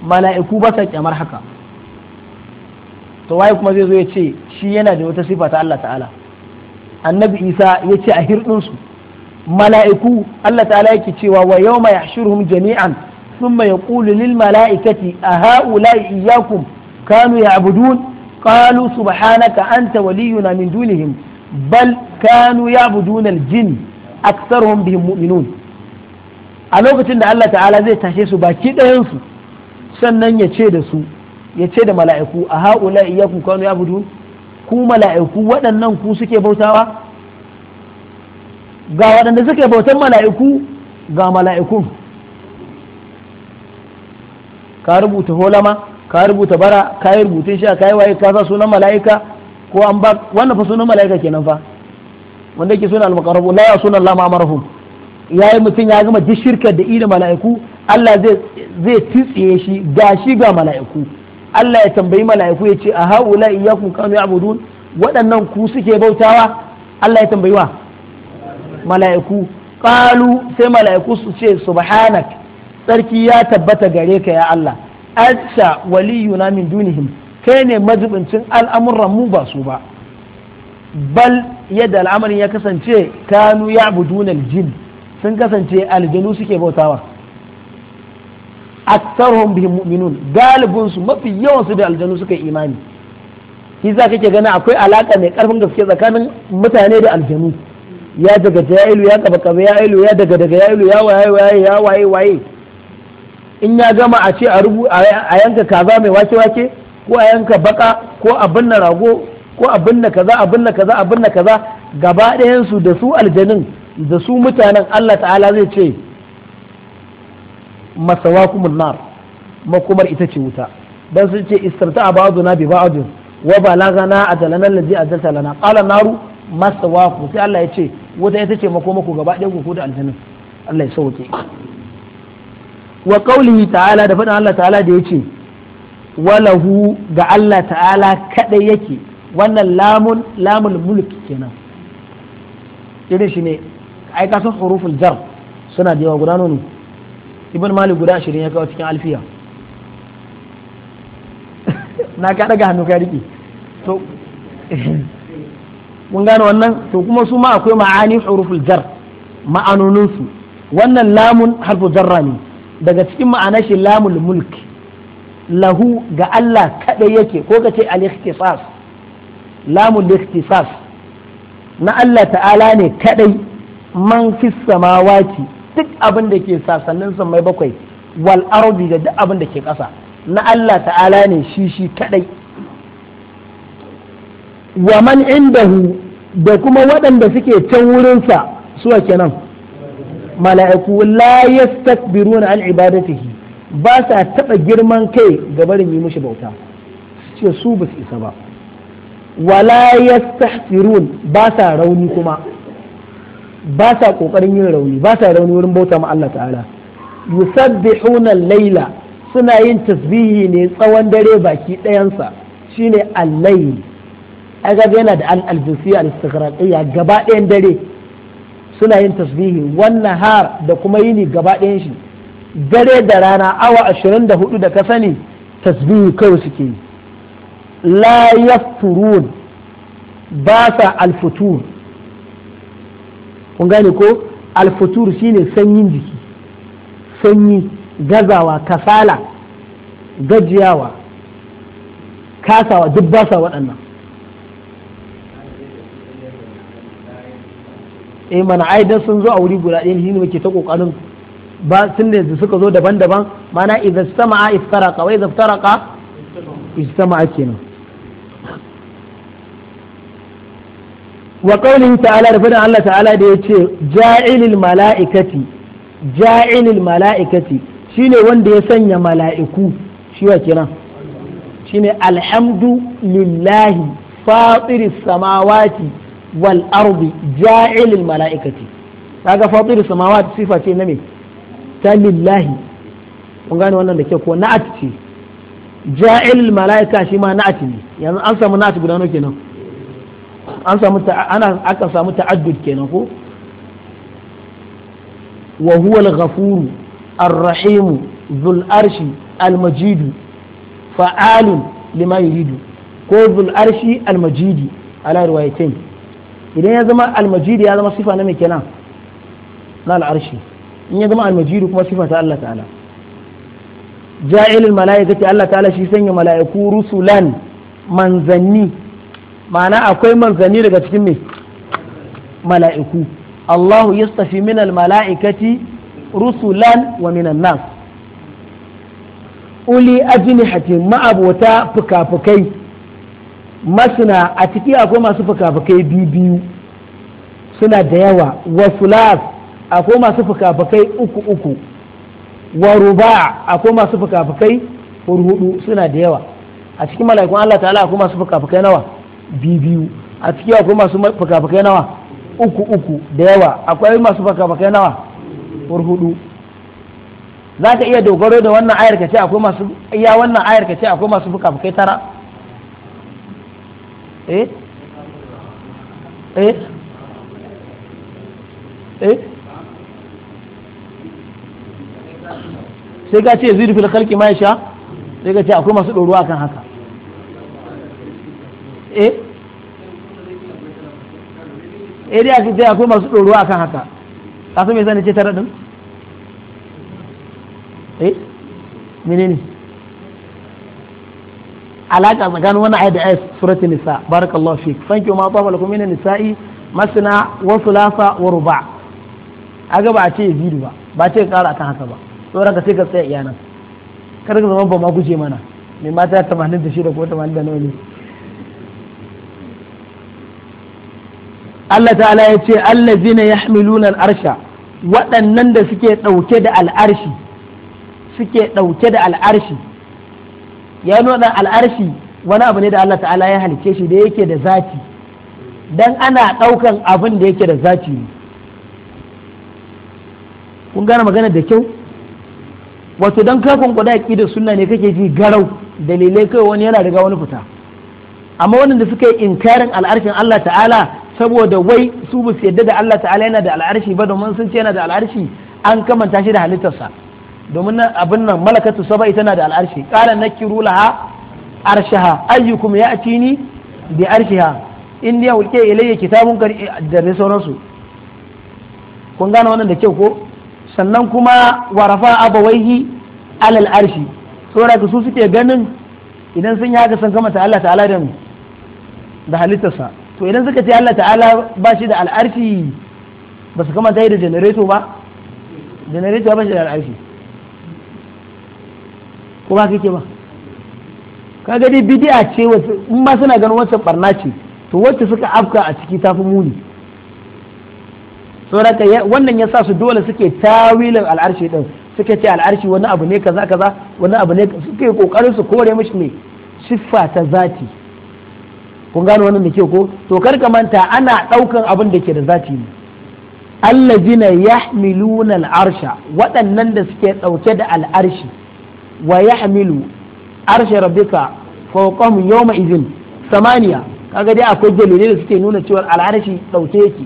mala'iku ba sa kyamar haka to waye kuma zai zo ya ce shi yana da wata sifa ta Allah ta'ala annabi isa ya ce a hirɗin su mala'iku Allah ta'ala yake cewa wa yawma yahshuruhum jami'an thumma yaqulu lil mala'ikati a ha'ula'i iyyakum kanu ya'budun qalu subhanaka anta waliyuna min dunihim bal kanu ya'budun al-jin aktsaruhum bihim mu'minun a lokacin da Allah ta'ala zai tashe su baki ɗayan su sannan ya ce da su ya ce da mala'iku a haula iyyakum kanu ya'budun ku mala'iku waɗannan ku suke bautawa ga waɗanda suke bautan mala'iku ga mala'ikun ka rubuta holama ka rubuta bara ka yi rubutun sha ka yi waye ka sa sunan mala'ika ko an ba wannan fa sunan mala'ika kenan fa wanda yake suna al-muqarrabu la yasuna Allah ma amarahum yayi mutun ya gama duk shirkar da ina mala'iku Allah zai shi ga shi ga mala'iku Allah ya tambayi mala'iku ya ce a haula iyyakum kanu ya'budun waɗannan ku suke bautawa Allah ya tambayi wa mala'iku qalu sai mala'iku su ce subhanak tsarki ya tabbata gare ka ya Allah Waliyu na min dunihim kai ne mazubincin al'amuran mu ba su ba bal yadda al'amarin ya kasance kanu ya abudunan jin sun kasance aljanu suke bautawa aktarhum bihim mu'minun galibin su mafi yawan su da aljanu suka yi imani shi za kake gani akwai alaka mai karfin gaske tsakanin mutane da aljanu ya daga jailu ya gaba kaba ya ilu ya daga daga ya ilu ya waye waye ya waye waye in ya gama a ce a rubu a yanka kaza mai wake wake ko a yanka baka ko a binne rago ko abin na kaza abin na kaza abin na kaza gaba ɗayansu da su aljanin da su mutanen Allah ta'ala zai ce masawakumul nar makomar ita ce wuta dan sun ce istarta na bi ba'dun wa balagana ajalana allazi ajalta lana qala naru masawaku sai Allah ya ce wuta ita ce makomako gaba ɗayan ku da aljanin Allah ya sauke wa qaulihi ta'ala da faɗin Allah ta'ala da yace walahu ga Allah ta'ala kadai yake wannan lamun lamun mulki kenan irin shi ne ai ka san huruful jar suna da yawa guda nono ibn malik guda ashirin ya kawo cikin alfiya na ka daga hannu ka riƙe to mun gane wannan to kuma su ma akwai ma'ani huruful jar su wannan lamun harfu jarra ne daga cikin ma'anashi shi lamul mulk lahu ga Allah kada yake ko ka ce al-ikhtisas lamun na Allah ta'ala ne kadai man fis samawati duk abin da ke sasannin mai bakwai wal arobi da duk abin da ke ƙasa na Allah ta'ala ne shi shi kadai wa man indahu da kuma waɗanda suke can wurinsa suwa kenan mala'iku la yastakbiruna an ibadatihi ba sa taɓa girman kai ga barin yi mushi bauta su ce su ba isa ba wala yastahsirun ba sa rauni kuma ba sa kokarin yin rauni ba sa rauni wurin bauta ma Allah ta'ala yusabbihuna laila suna yin tasbihi ne tsawon dare baki ɗayansa shine al-layl aga yana da al-alfisiyya al-istighraqiyya gaba ɗayan dare suna yin tasbihi wannan har da kuma yini gaba ɗayan shi dare da rana awa 24 da ka sani tasbihi kawai suke yi la yafturun ba sa alfutur kun gane ko alfutur shine sanyin jiki sanyi gazawa kasala gajiyawa kasawa duk sa waɗannan eh mana ai dan sun zo a wuri guda ɗaya shine muke ta kokarin ba sun da suka zo daban-daban mana idza sama'a iftaraqa wa idza iftaraqa istama'a kenan wa qaulihi ta'ala da fadan Allah ta'ala da yace ja'ilil mala'ikati ja'ilil mala'ikati ne wanda ya sanya mala'iku shi wa shi ne alhamdu lillahi fatiris samawati wal ardi ja'ilil mala'ikati kaga fatiris samawati sifa ce na me ta lillahi kun gane wannan da ke ko na'at ce ja'ilil mala'ika shi ma na'at ne yanzu an samu na'at guda nawa nan. an samu ana aka samu ta'addud kenan ko wa huwa al-ghafur ar-rahim dhul arshi al-majid fa'al lima yuridu ko dhul arshi al-majid ala riwayatain idan ya zama al-majid ya zama sifa na me kenan na al-arshi in ya zama al-majid kuma sifa ta Allah ta'ala ja'il al-mala'ikati Allah ta'ala shi sanya mala'iku rusulan manzanni ma'ana akwai manzanni daga cikin me mala'iku Allahu yastafi min mala'ikati rusulan wa minan nas uli ajnihati ma'abota fuka-fukai a ciki akwai masu fuka-fukai biyu suna da yawa wa sulas akwai masu fuka-fukai uku uku wa ruba akwai masu fuka-fukai hudu suna da yawa a cikin mala'ikun Allah ta'ala akwai masu fuka-fukai nawa biyu a ciki akwai masu fakafakai nawa uku uku da yawa akwai masu fakafakai nawa hudu za ka iya dogaro da wannan ayar ka ce akwai masu iya wannan ayar ka ce akwai masu fakafakai tara eh eh eh sai ka ce zuri fil khalqi ma sha? sai ka ce akwai masu doruwa kan haka eh eh dai aka akwai masu ɗoro akan haka kasu mai sani ce tara ɗin eh ne? alaƙa tsakanin wani ayat da ayat surat nisa barakallahu fik fanki ma ba lakum lakumina nisa'i masna wa thulatha wa ruba aga ba a ce yazidu ba ba ce ƙara akan haka ba sauran ka sai ka tsaya iyanan kada ka zama ba ma guje mana mai mata 86 ko 89 ne Allah ta'ala ya ce allazina yahmiluna al-arsha waɗannan da suke ɗauke da al'arshi suke ɗauke da al'arshi ya nuna al'arshi wani abu ne da Allah ta'ala ya halice shi da yake da zati dan ana ɗaukan abin da yake da zati ne kun gane magana da kyau wato dan kafin ku da da sunna ne kake ji garau dalilai kai wani yana riga wani fita amma wannan da suka yi inkarin al'arshin Allah ta'ala saboda wai su ba su yadda da Allah ta'ala yana da al'arshi ba domin sun ce yana da al'arshi an kamanta shi da halittarsa domin nan abin nan malakatu ita na da al'arshi qala nakiru laha arshaha ayyukum ya'tini bi arshiha in ya wuke ilayya kitabun da sauransu kun gane wannan da kyau ko sannan kuma warafa abawaihi alal arshi saboda su suke ganin idan sun yi haka sun kamata Allah ta'ala da da halittarsa to idan suka ce Allah ta'ala ba shi da al'arfi ba su ta yi da janareto ba janareto ba shi da al'arfi ko ba kake ba ka gani bidi'a ce in ma suna ganin wacce barna ce to wacce suka afka a ciki tafi muni saboda wannan ya sa su dole suke tawilin al'arshi din suke ce al'arshi wani abu ne kaza kaza wani abu ne suke kokarin su kore mishi ne siffa ta zati kun gano wannan da ke ko to kar ka manta ana daukan abin da ke da zati ne allazina yahmiluna al'arsha waɗannan da suke dauke da al'arshi wa yahmilu arsha rabbika fawqahum yawma idhin samaniya kaga dai akwai dalilai da suke nuna cewa al'arshi dauke yake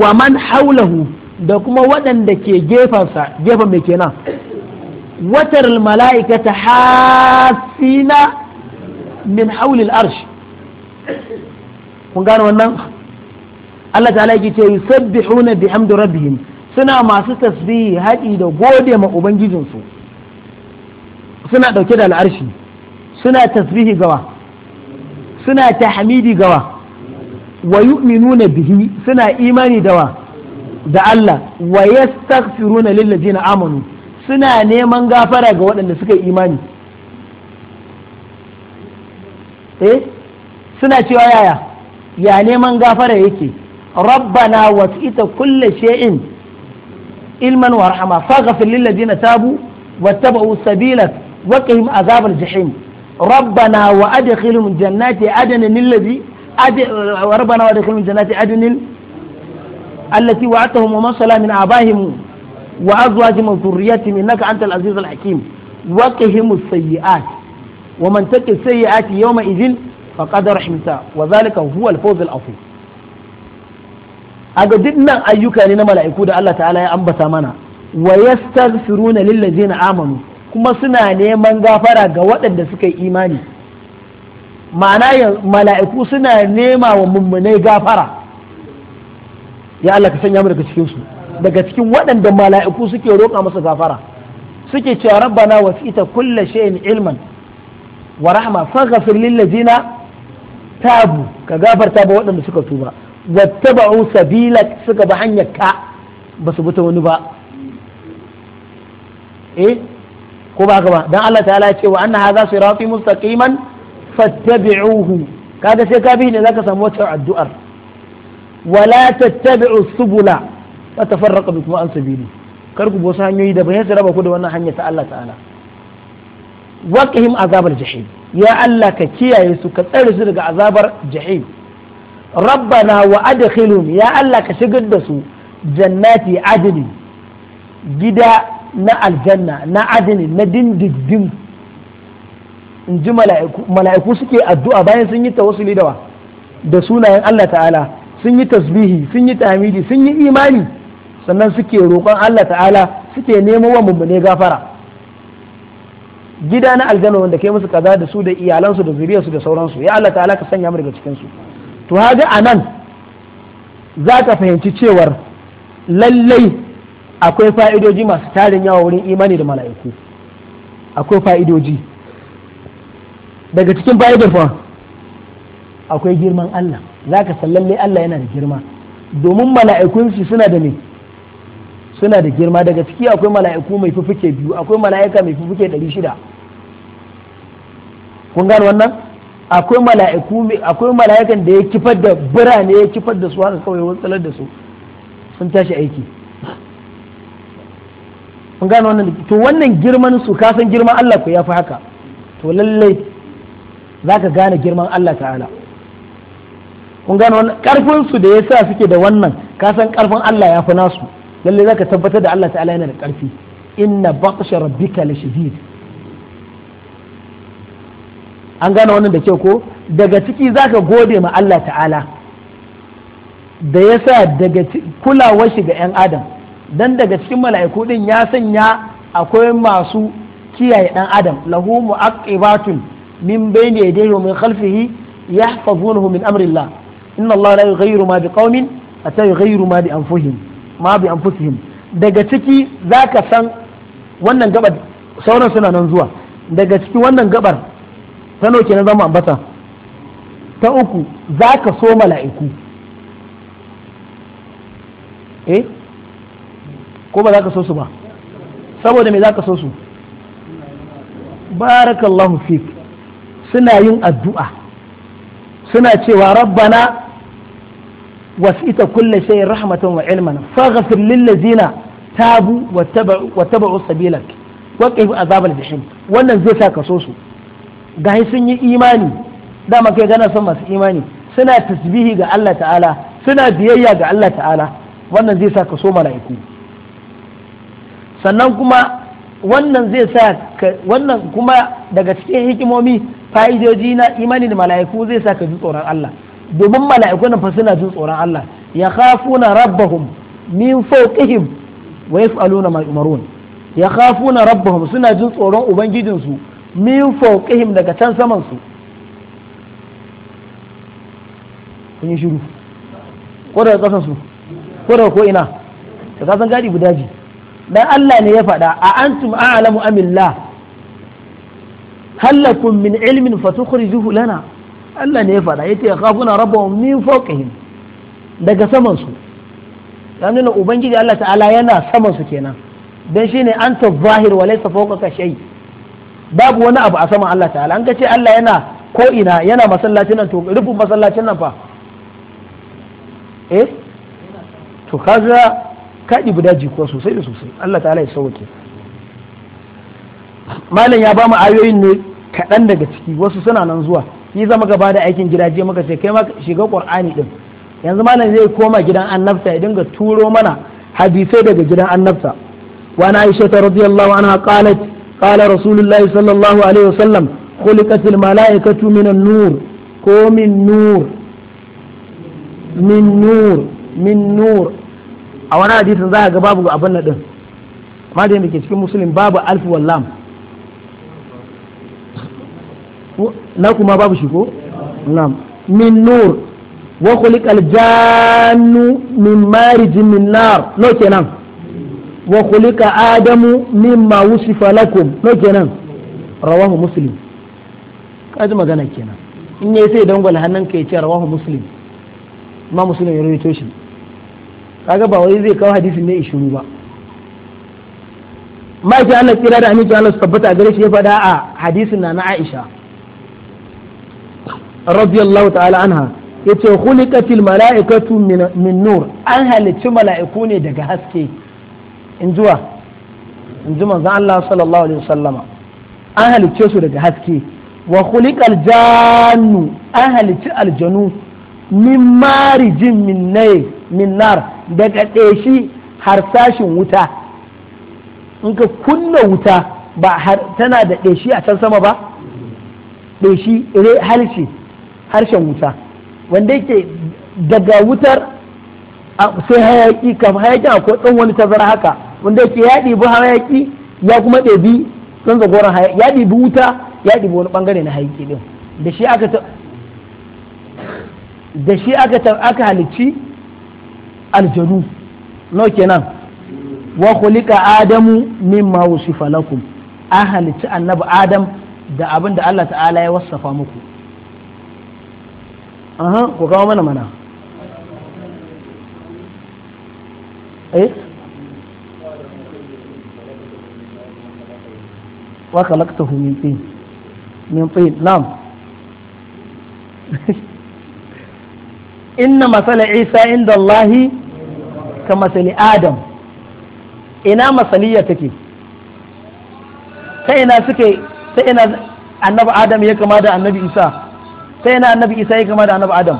wa man haulahu da kuma waɗanda ke gefensa gefen mai kenan watar mala'ikata hasina min haulil arsh kun gane wannan Allah ta'ala yake ce yusabbihuna bihamdi rabbihim suna masu tasbihi haɗi da gode ma ubangijinsu suna ɗauke da al'arshi suna tasbihi gawa suna tahmidi gawa wa yu'minuna bihi suna imani dawa da Allah wa yastaghfiruna lil amanu suna neman gafara ga waɗanda suka yi imani eh suna cewa yaya ya neman gafara yake rabbana ita kulle shay'in ilman wa rahama faghfir lil ladina tabu wattaba'u sabilak wa qihim azabal jahim rabbana wa adkhilhum jannati adnin alladhi ربنا وادخلهم جنات عدن التي وعدتهم ومن صلى من آبائهم وأزواجهم وذريتهم إنك أنت العزيز الحكيم وقهم السيئات wa man taqi sayyi'ati yawma idhin faqad rahimta wa zalika huwa al aga dinnan ayyuka ne na mala'iku da Allah ta'ala ya ambata mana wa yastaghfiruna lil amanu kuma suna neman gafara ga waɗanda suka yi imani ma'ana mala'iku suna nema wa mummunai gafara ya Allah ka sanya mu daga cikinsu, daga cikin waɗanda mala'iku suke roƙa masa gafara suke cewa rabbana wasita kulla shay'in ilman wa rahma faghfir lil tabu ka gafarta ba waɗanda suka tuba taba'u sabila suka ba hanyar ka ba su buta wani ba eh ko ba ka ba dan Allah ta'ala ya ce wa anna hadha sirati mustaqiman fattabi'uhu kaga sai ka bi ne zaka samu wata addu'ar wala tattabi'u subula fatafarraqa bikum an sabili kar ku bosa hanyoyi da bayan raba ku da wannan hanya ta Allah ta'ala waqihim azabar jahim ya Allah ka kiyaye su ka tsare su daga azabar jahim rabbana wa adkhilhum ya Allah ka shigar da su jannati adni gida na aljanna na adini na dindindin in ji mala'iku suke addu'a bayan sun yi tawassuli da da sunayen Allah ta'ala sun yi tasbihi sun yi tahmidi sun yi imani sannan suke roƙon Allah ta'ala suke nemo wa mummune gafara gida na aljanna wanda kai musu kaza da su da iyalansu da zuriyarsu da sauransu ya Allah ta'ala ka sanya mu daga cikin su to haga anan za ka fahimci cewar lallai akwai fa'idoji masu tarin yawa wurin imani da mala'iku akwai fa'idoji daga cikin fa'idar fa akwai girman Allah za ka san lallai Allah yana da girma domin mala'ikun shi suna da ne suna da girma daga ciki akwai mala'iku mai fufuke biyu akwai mala'ika mai fufuke ɗari shida kun gano wannan akwai mala'iku akwai mala'ikan da ya kifar da birane ya kifar da su haka kawai tsalar da su sun tashi aiki kun gano wannan to wannan girman su ka san girman Allah ku yafi haka to lallai zaka gane girman Allah ta'ala kun gano wannan karfin su da yasa suke da wannan ka san karfin Allah yafi nasu lalle zaka tabbatar da Allah ta'ala yana da ƙarfi inna baqsha rabbika shadid an gane wannan da kyau ko daga ciki zaka gode ma Allah ta'ala da yasa daga kulawar shi ga 'yan adam dan daga cikin mala'iku din ya sanya akwai masu kiyaye dan adam lahu mu'aqibatun min bayni yadayhi wa min khalfihi yahfazunahu min amrillah inna Allah la yughayyiru ma biqaumin hatta yughayyiru ma bi anfusihim ma bi anfusihim daga ciki ka san wannan gabar sauran suna nan zuwa daga ciki wannan gabar ta nauke na zama ambata ta uku zaka so mala'iku eh ko ba zaka so su ba saboda me zaka so su barakallahu fik suna yin addu'a suna cewa rabbana rahmatan wa كل شيء رحمة وعلما فاغفر للذين تابوا واتبعوا, واتبعوا سبيلك وقف عذاب الجحيم wannan zai sa ka so su gahi sun yi imani dama kai gana son masu imani suna tasbihi ga Allah ta'ala suna biyayya ga Allah ta'ala wannan zai sa ka so mala'iku sannan kuma wannan zai sa wannan kuma daga cikin hikimomi fa'idodi na imani da mala'iku zai sa ka ji tsoron Allah domin mala’ikun nan fa suna jin tsoron Allah ya khafuna rabbahum min fawqihim wa yas'aluna ma yumarun ya khafuna rabbahum suna jin tsoron ubangijinsu min fawqihim daga can saman su kun yi shiru ko daga kasan su ko daga ko ina da ka san gadi budaji dan Allah ne ya faɗa a antum a'lamu amillah halakum min ilmin fatukhrijuhu lana Allah ne ya faɗa yace yakhafuna rabbahum min fawqihim daga saman su ya nuna ubangiji Allah ta'ala yana saman su kenan dan shine an zahir wa laysa fawqaka shai babu wani abu a saman Allah ta'ala an ka ce Allah yana ko ina yana masallacin nan to rufin masallacin nan fa eh to kaga kaɗi guda ko sosai da sosai Allah ta'ala ya sauke malam ya ba mu ayoyin ne kaɗan daga ciki wasu suna nan zuwa shi zama gaba da aikin gida je muka ce kai ma shiga qur'ani din yanzu malam zai koma gidan annabta ya dinga turo mana hadisai daga gidan annabta wa na aisha radiyallahu anha qalat qala rasulullahi sallallahu alaihi wasallam khuliqatil malaikatu minan nur ko min nur min nur min nur a wani hadisin za ga babu abin nan din amma da muke cikin muslim babu alf wallam na kuma babu shi ko na'am min nur wa khuliqal jannu min marijin min nar no kenan wa khuliqa adamu mimma wusifa lakum no kenan rawahu muslim kaji magana kenan in ne sai dangwal hannunka ya ce rawahu muslim ma muslim ya rawaito shi kaga ba wai zai kawo hadisin ne ishuru ba ma ji Allah tsira da aminci Allah su tabbata gare shi ya faɗa a hadisin na na Aisha radiyallahu ta'ala anha yace khuliqatil mala'ikatu min nur an halicci mala'iku ne daga haske in zuwa in ji manzon Allah sallallahu alaihi wasallama an halicce su daga haske wa khuliqal jannu an halicci aljanu min marijin min nay min nar daga ɗeshi harsashin wuta in ka kunna wuta ba tana da ɗeshi a can sama ba ɗeshi halice harshen wuta wanda yake daga wutar sai hayaki kafin hayakin akwai ɗan wani tazara haka wanda yake ya ɗibi hayaki ya kuma ɗebi sun zagoran hayaki ya ɗibi wuta ya ɗibi wani ɓangare na hayaki ɗin da shi aka da shi aka aka halicci aljanu no kenan wa khuliqa adamu mimma wusifa lakum an halicci annabi adam da abin da Allah ta'ala ya wasafa muku aha ku kawo mana mana eh wa khalaqtahu min tin min tin lam inna masala isa inda allahi ka masali adam ina masaliya take ta ina suke ta ina annabi adam ya kama da annabi isa sai na annabi isa ya kama da annabi adam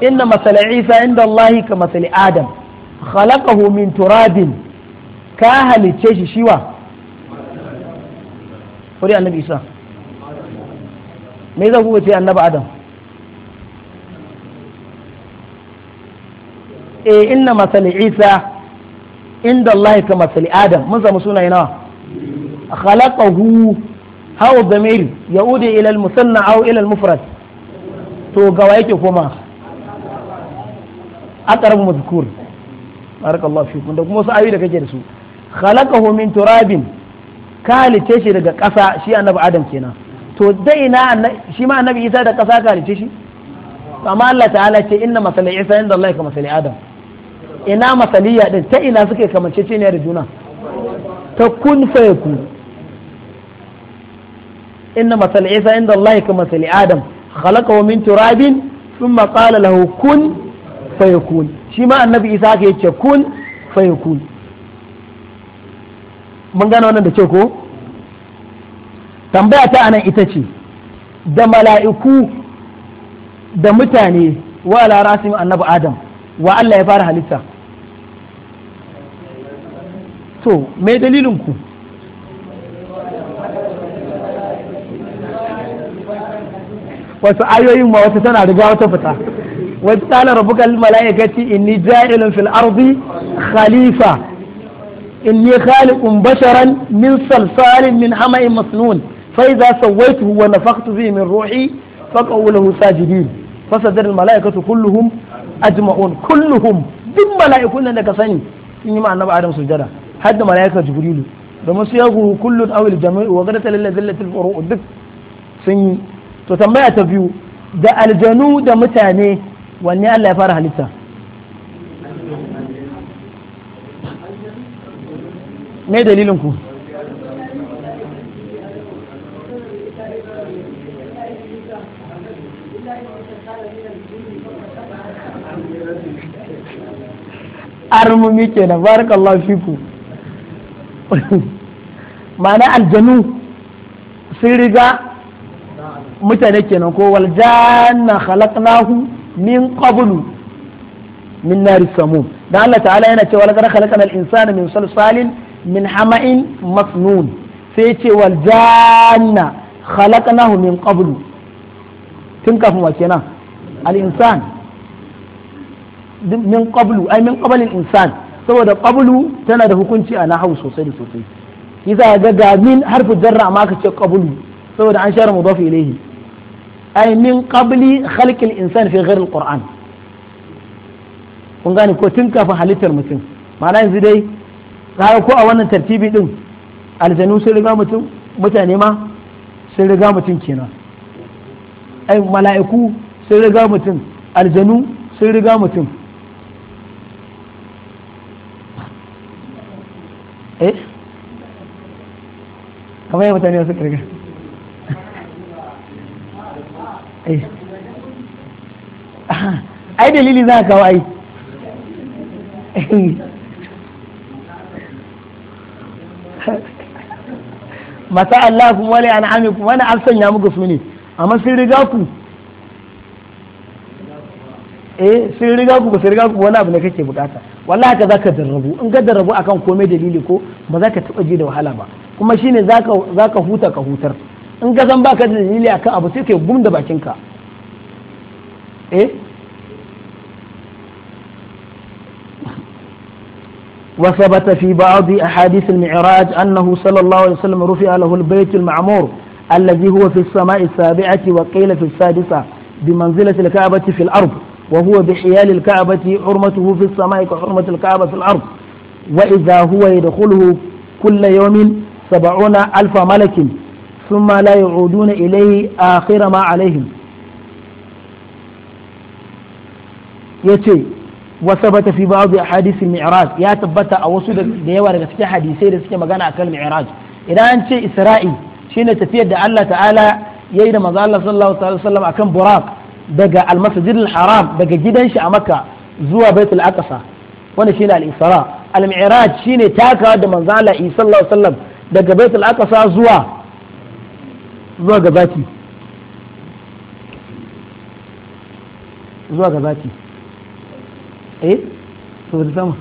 inna masala isa inda allahi ka masali adam khalaqahu min turabin ka halicce shi shiwa kuri annabi isa me zan kuka ce annabi adam eh inna masali isa inda allahi ka masali adam mun samu sunaye nawa khalaqahu أو الضمير يعود إلى المثنى أو إلى المفرد تو قوايك كما أقرب مذكور بارك الله فيكم da kuma wasu ayoyi kake da su khalaqahu min turabin kalice shi daga ƙasa shi annabi adam kenan to dai ina shi ma annabi isa da ƙasa kalice shi amma Allah ta'ala ce inna masali isa inda Allah ka masali adam ina masaliya din ta ina suke kamance ne da juna ta kun ku. inna masal isa inda Allah ka masal adam khalaqahu min turabin sun qala lahu kun fayakun shi ma annabi isa haka yace kun fayakun mun gane wannan da ce ko tambaya anan ita ce da mala'iku da mutane wa ala rasim annabi adam wa Allah ya fara halitta to me dalilin ku wasu ayoyin ma wata tana riga wata fita wata tsala mala'ikaci mala'ikati inni ja'ilun fil ardi khalifa inni khaliqun basharan min salsalin min hama'in masnun fa idza sawaituhu wa nafakhtu fihi min ruhi faqaw lahu sajidin fasadara al mala'ikatu kulluhum ajma'un kulluhum duk mala'ikun nan da ka sani sun yi ma annabi adam sujada hadda mala'ika jibrilu domin su yagu kullun awil jami'u wa gadatal lil duk sun yi to tambaya ta biyu da aljanu da mutane wanne Allah ya fara halitta me dalilin ku armumi ke na barakallahu fiku ma'ana aljanu sun riga mutane kenan ko wal janna khalaqnahu min qablu min nari samum dan Allah ta'ala yana cewa laqad khalaqnal insana min salsalin min hama'in masnun sai ce wal janna khalaqnahu min qablu tun kafin wa kenan al insan min qablu ai min qablil insan saboda qablu tana da hukunci a nahawu sosai da sosai yasa ga ga min harfu jarra amma aka ce qablu saboda an share mudafi ilayhi ay min qabli khalqil insani fi ghairi alquran kun gane ko tun kafin halittar mutum ma'ana yanzu dai ga ko a wannan tartibi din aljanu sun riga mutum mutane ma sun riga mutum kenan ay mala'iku sun riga mutum aljanu sun riga mutum eh kamar yadda mutane suka riga Eh. ai dalili za ka kawo ai mata Allah kuma wale an ami kuma wani an sanya muku su ne amma sun riga ku eh sun riga ku ba sun riga ku wani abu ne kake bukata wallahi ka zaka darrabu in ka darrabu akan komai dalili ko ba za ka taba ji da wahala ba kuma shine zaka zaka huta ka hutar in ka san baka da dalili akan abu sai kai gum da bakinka eh وثبت في بعض أحاديث المعراج أنه صلى الله عليه وسلم رفع له البيت المعمور الذي هو في السماء السابعة وقيل في السادسة بمنزلة الكعبة في الأرض وهو بحيال الكعبة حرمته في السماء كحرمة الكعبة في الأرض وإذا هو يدخله كل يوم سبعون ألف ملك ثم لا يعودون إليه آخر ما عليهم yace wa sabata fi ba'd ahadith al-mi'raj ya tabbata a wasu da yawa daga cikin hadisai da suke magana akan mi'raj idan an ce isra'i shine tafiyar da Allah ta'ala yayi da manzo Allah sallallahu alaihi wasallam akan buraq daga al-masjid haram daga gidan shi a makka zuwa baitul akasa wanda shine al-isra al-mi'raj shine taka da manzo Allah sallallahu alaihi wasallam daga baitul akasa zuwa zuwa ga zaki zuwa ga zaki eh to da sama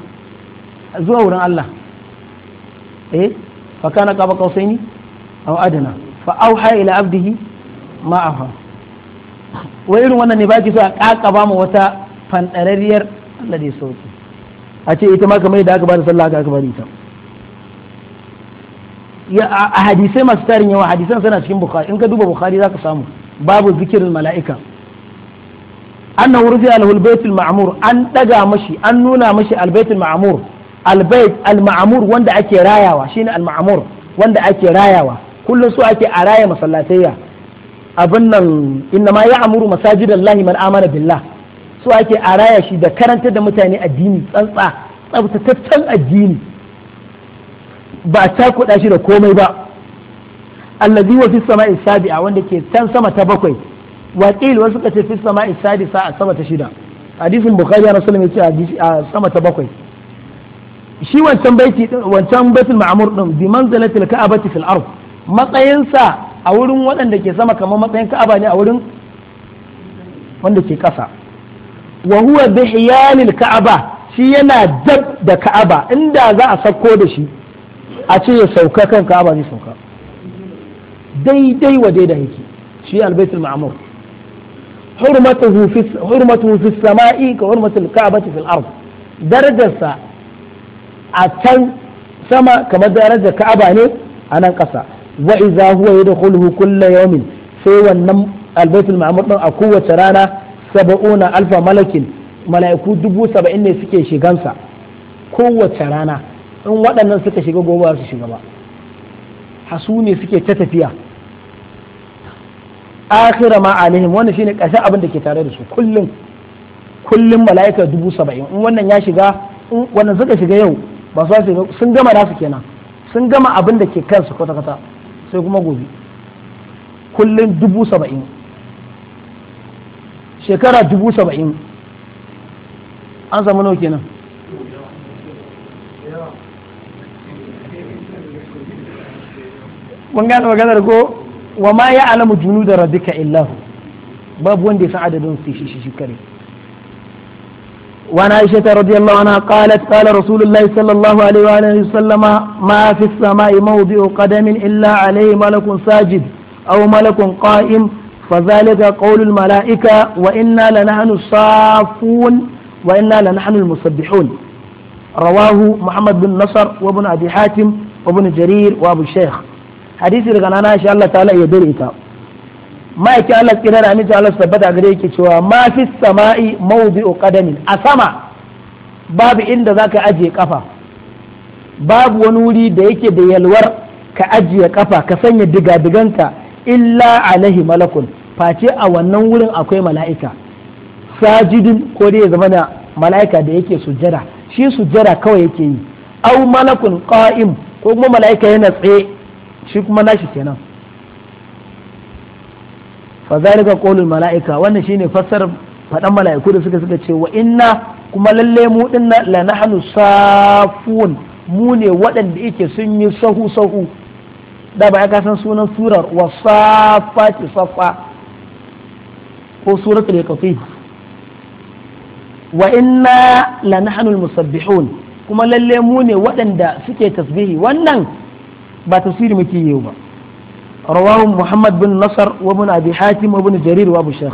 zuwa wurin Allah eh fa kana qaba qausaini aw adana fa auha ila abdihi ma aha wai irin wannan ne baki so a kakaba ma wata fandarariyar Allah da ya sauki a ce ita ma kamar da aka ba da sallah aka bari ta a hadisai masu tarin yawa hadisan suna cikin bukhari in ka duba za ka samu babu zikirin mala'ika An na lahu al ma'amur an ɗaga mashi an nuna mashi albetul ma'amur albet al maamur wanda ake rayawa shine al maamur wanda ake rayawa kullum su ake a raya masallatayya abin nan inna ma ya'muru masajidallahi man amana billah su ake a raya shi da karanta da mutane addini tsantsa tsabtataccen addini ba a takuɗa shi da komai ba allazi wa fi sama'i sabi'a wanda ke can sama ta bakwai wakil wasu kace fi sama'i sa, a sama ta shida hadisin bukhari ya sallam yace a sama ta bakwai shi wancan baiti wancan baitul ma'mur din bi manzilatil ka'abati fil ard matsayinsa a wurin waɗanda ke sama kamar matsayin ka'aba ne a wurin wanda ke ƙasa wa huwa bihiyalil ka'aba shi yana dab da ka'aba inda za a sako da shi a ce ya sauka kan ka'aba zai sauka daidai wa daidai yake shi albaitul ma'mur hurmatuhu fi sama'i ka hurmatul ka'bati fil ard darajarsa a can sama kamar darajar ka'aba ne a nan ƙasa wa idza huwa yadkhuluhu kullu yawmin sai wannan albaitul ma'mur din a kowace rana sab'una alfa malakin mala'iku dubu saba'in ne suke shigansa kowace rana in waɗannan suka shiga gobe su shiga ba hasu ne suke ta tafiya akhira ma alaihim wannan shine ƙarshen abin da ke tare da su kullum kullum mala'ika dubu saba'in in wannan ya shiga in wannan suka shiga yau ba su shiga sun gama nasu kenan sun gama abin da ke kansu kwata-kwata sai kuma gobe kullum dubu saba'in shekara dubu saba'in an samu nau kenan mun gane maganar ko wa ma ya alamu junu da rabbika illahu babu wanda ya san adadin su shi shi kare وعن عائشة رضي الله عنها قالت قال رسول الله صلى الله عليه وآله وسلم ما في السماء موضع قدم إلا عليه ملك ساجد أو ملك قائم فذلك قول الملائكة وإنا لنحن الصافون وإنا لنحن المسبحون رواه محمد بن نصر وابن أبي حاتم وابن جرير وابو الشيخ hadisi daga nana shi Allah ta'ala ya dare ita ma'aiki Allah tsira da amince Allah tabbata gare yake cewa ma fi sama'i mawdi'u qadamin a sama babu inda zaka ajiye kafa babu wani wuri da yake da yalwar ka ajiye kafa ka sanya diga digadiganka illa alaihi malakun face a wannan wurin akwai mala'ika sajidin ko dai ya zama da mala'ika da yake sujjada shi sujjada kawai yake yi au malakun qa'im ko kuma mala'ika yana tsaye shi kuma nashi kenan fa zalika qawlul malaika wannan shine fassarar faɗan mala'iku da suka suka ce wa inna kuma lalle mu dinna la nahnu safun mu ne waɗanda yake sun yi sahu sahu da ba ka san sunan surar wa safati safa ko suratul yaqfi wa inna la nahnu musabbihun kuma lalle mu ne waɗanda suke tasbihi wannan ba مكي muke رواه محمد بن نصر وابن أبي حاتم وابن جرير وابو الشيخ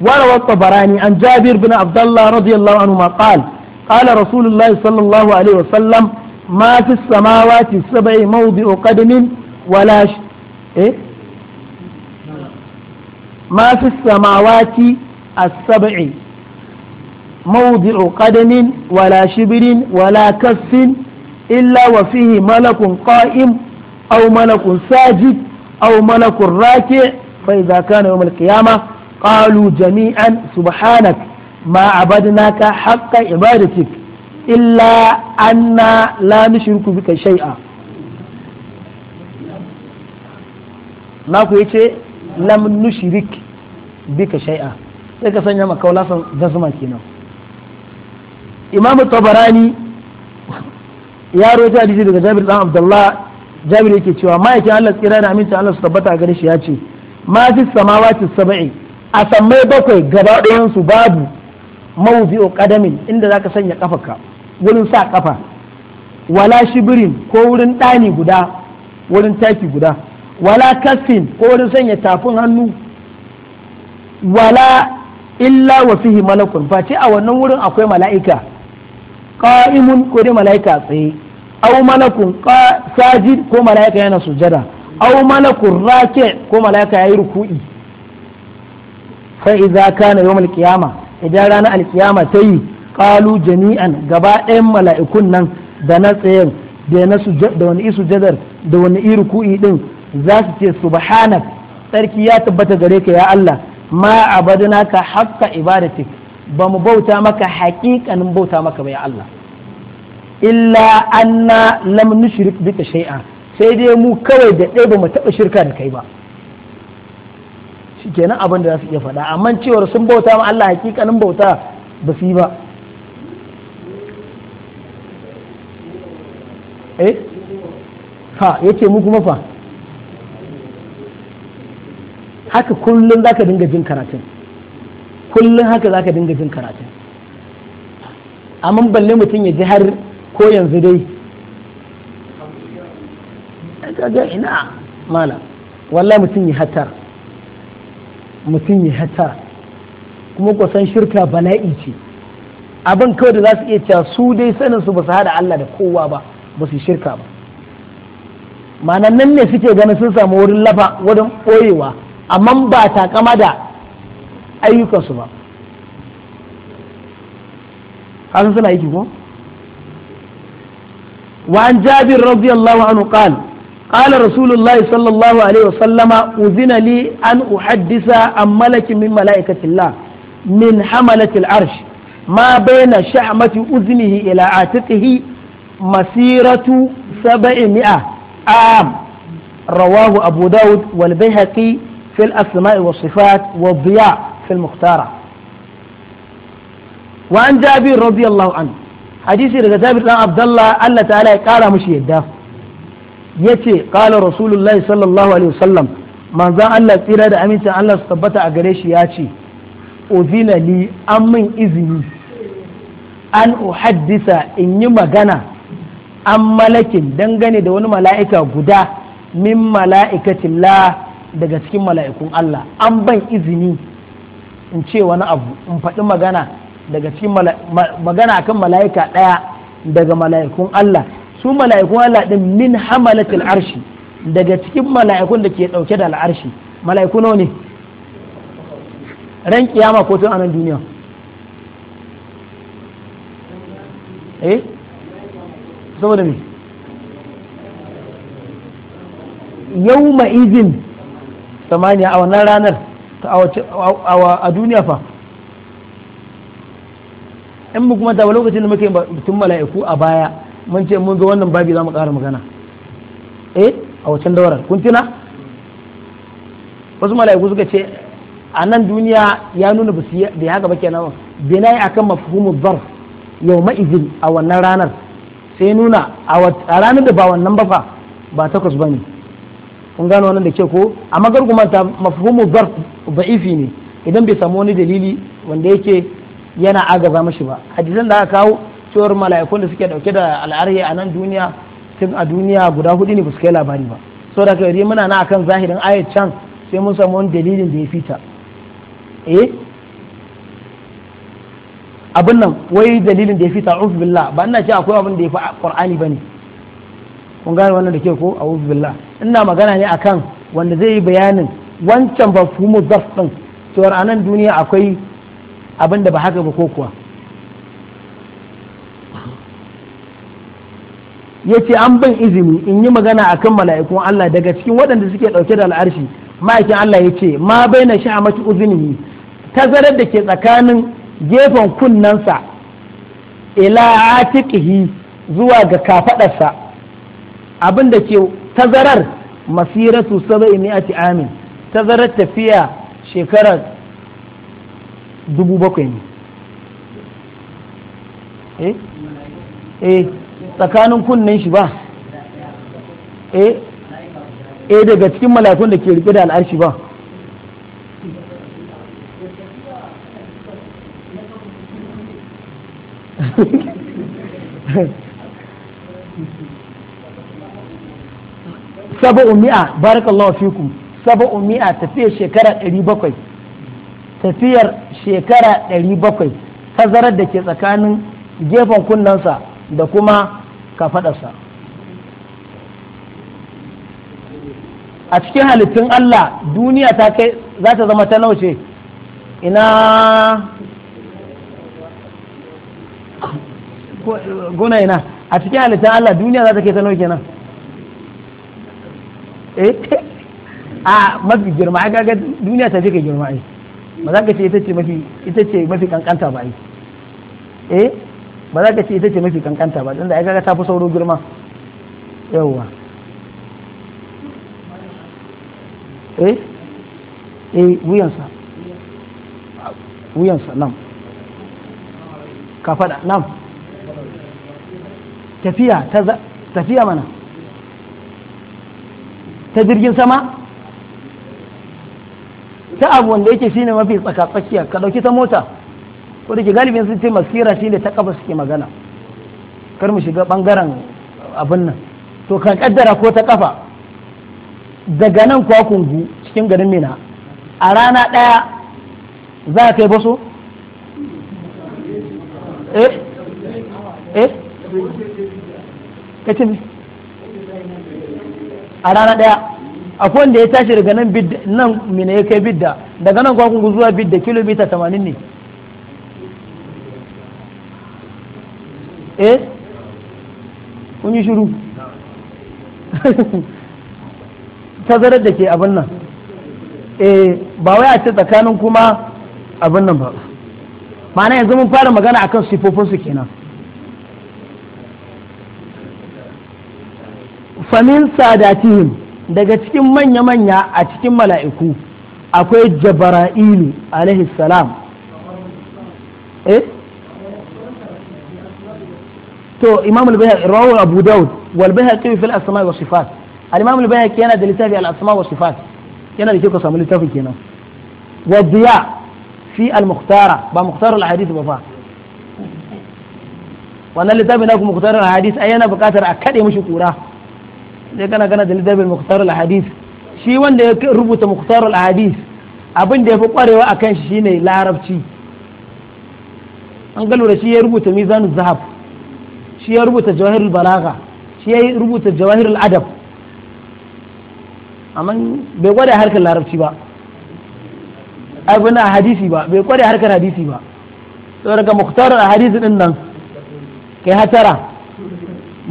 وروى الطبراني عن جابر بن عبد الله رضي الله عنهما قال قال رسول الله صلى الله عليه وسلم ما في السماوات السبع موضع قدم ولا ش... إيه؟ ما في السماوات السبع موضع قدم ولا شبر ولا كف إلا وفيه ملك قائم aw malakun sajid aw malakun raki fa idza kana yawm al-qiyamah qalu jami'an subhanak ma abadnaka haqqa ibadatik illa anna la nushriku bika shay'a na ku yace lam nushrik bika shai'a sai ka sanya maka walasan jazma kenan imam tabarani ya rawaita hadisi daga Jabir dan Abdullah jabir yake cewa ma'aikin Allah tsira da aminta Allah su tabbata gare shi ya ce ma fi samawati sab'i a sammai bakwai gaba ɗayan su babu mawdi'u qadamin inda za ka sanya kafarka wurin sa kafa wala shibirin ko wurin ɗani guda wurin taki guda wala kasfin ko wurin sanya tafin hannu wala illa wa fihi malakun face a wannan wurin akwai mala'ika qa'imun ko dai mala'ika tsaye aw malakun sajid ko malaika yana sujada aw malakun rake ko malaika yayi ruku'i fa idza kana yawm al-qiyama idan ranar al-qiyama tayi qalu jami'an gaba ɗayan mala'ikun nan da na tsayen da na da wani isu jadar da wani iri ku'i din za su ce subhanak tsarki ya tabbata gare ka ya Allah ma abadna ka haqqa ibadatik ba bauta maka haƙiƙanin bauta maka ba ya Allah illa anna lam nushrik bika shay'a sai dai mu kawai da ɗaya ba mu taɓa shirka da kai ba shikenan abin da za su iya faɗa amma cewar sun bauta ma Allah hakikanin bauta ba su yi ba eh ha yake mu kuma fa haka kullum za ka dinga jin karatun kullum haka za ka dinga jin karatun amma balle mutum ya ji har ko yanzu dai ga ina mala walla mutum yi hatar mutum yi hatar kuma kusan shirka bala'i ce abin kawai da za su iya cewa su dai sanin su ba su hada Allah da kowa ba ba su shirka ba ma'anan nan ne suke ganin sun samu wurin lafa wurin ɓoyewa amma ba ta kama da ayyukansu ba kasan suna aiki ko? وعن جابر رضي الله عنه قال قال رسول الله صلى الله عليه وسلم أذن لي أن أحدث عن ملك من ملائكة الله من حملة العرش ما بين شحمة أذنه إلى عاتقه مسيرة سبعمائة عام رواه أبو داود والبيهقي في الأسماء والصفات والضياء في المختارة وعن جابر رضي الله عنه hadisi daga Jabir dan Abdullah Allah ta'ala ya kara mishi yadda yace qala rasulullahi sallallahu alaihi wasallam manzon Allah tsira da amincin Allah su tabbata a gare shi ya ce uzina li an min izini an uhaddisa in yi magana an malakin dangane da wani mala'ika guda min mala'ikatin la daga cikin mala'ikun Allah an ban izini in ce wani abu in faɗi magana daga cikin magana akan mala'ika ɗaya daga mala'ikun Allah su mala'ikun Allah din min hamalatil arshi daga cikin mala'ikun da ke ɗauke da al'arshi mala'iku nawa ne ran kiyama ko tun anan duniya eh saboda me yawma izin samaniya a wannan ranar a duniya fa in mu kuma ba lokacin da muke mutum mala'iku a baya mun ce mun ga wannan babi za mu ƙara magana eh a wacan daurar kun tuna wasu mala'iku suka ce a nan duniya ya nuna ba bai haka ba kenan binai akan mafhumu zarf yawma izin a wannan ranar sai nuna a ranar da ba wannan ba fa ba takwas ba ne kun gano wannan da ke ko amma gargumanta mafhumul zarf baifi ne idan bai samu wani dalili wanda yake yana agaza mashi ba hadisan da aka kawo cewar mala'ikun da suke dauke da al'arhi a nan duniya tun a duniya guda hudu ne ba su kai labari ba so da kai muna na akan zahirin ayat can sai mun samu wani dalilin da ya fita eh abin nan wai dalilin da ya fita a'udhu billah ba ina ce akwai abin da ya fi qur'ani bane kun gane wannan da ke ko a'udhu billah ina magana ne akan wanda zai yi bayanin wancan ba fumu zaf din cewar a nan duniya akwai abin da ba haka ba ko kuwa ya ce an bin izini in yi magana a kan mala'ikun Allah daga cikin waɗanda suke ɗauke da al'arshi ma'aikin Allah ya ce ma bai na sha sha'amatu uzini tazarar da ke tsakanin gefen kunnensa ila atiqihi zuwa ga kafaɗarsa abin da ke tazarar masiratu saba'i mi'ati amin tazarar tafiya shekarar dubu bakwai ne eh? eh tsakanin kunnen shi ba eh eh daga cikin mala'ikun da ke rike da al'arshi ba saba'u mi'a barakallahu fikum saba'u mi'a tafiya shekara 700 tafiyar shekara ɗari bakwai tazarar da ke tsakanin gefen kunnansa da kuma kafaɗarsa a cikin halittun Allah duniya ta kai za ta zama ta nauce ina guna ina a cikin halittun Allah duniya za ta kai ta nauce nan eh a mafi girma ga duniya ta fi ka girma ai ba za ka ce ita ce mafi ita ce mafi kankanta ba ai eh ba za ka ce ita ce mafi kankanta ba da ai kaga ta fi sauro girma yawwa eh eh wuyansa wuyansa nan kafada nan tafiya ta tafiya mana ta jirgin sama ta abu wanda yake shine mafi tsakatsakiya ka dauki ta mota ko da ke galibin sun ce maskira shine ta kafa suke magana kar mu shiga bangaren abin nan to ka kaddara ko ta kafa daga nan kwa kungu cikin garin mina a rana daya za ka yi baso eh eh kace a rana daya akwai wanda ya tashi daga nan bidda nan mina ya kai bidda daga nan kwakungu zuwa bidda kilomita tamanin ne eh kun yi shuru tazarar da ke abin nan eh ba wai a ce tsakanin kuma abin nan ba ma'ana yanzu mun fara magana akan sifofinsu kenan famin sadatihim daga cikin manya-manya a cikin mala'iku akwai jabara'ilu alaihi salam eh to imam al-bayhaqi rawu abu daud wal bayhaqi fi al-asma wa sifat al-imam al-bayhaqi yana da littafi al-asma wa sifat yana da kyau ka samu littafin kenan wa diya fi al-mukhtara ba mukhtar al-hadith ba fa wannan littafin na ku mukhtar al-hadith ai yana buƙatar a kade mishi kura sai kana gana da littafin mukhtar al-hadis shi wanda ya rubuta mukhtar al-hadis abin da ya fi kwarewa a kan shi shine larabci an ga shi ya rubuta mizan zahab shi ya rubuta jawahir al-balagha shi ya rubuta jawahir adab amma bai gwada harkar larabci ba abin a hadisi ba bai kware harkar hadisi ba to daga mukhtar al-hadith din nan kai hatara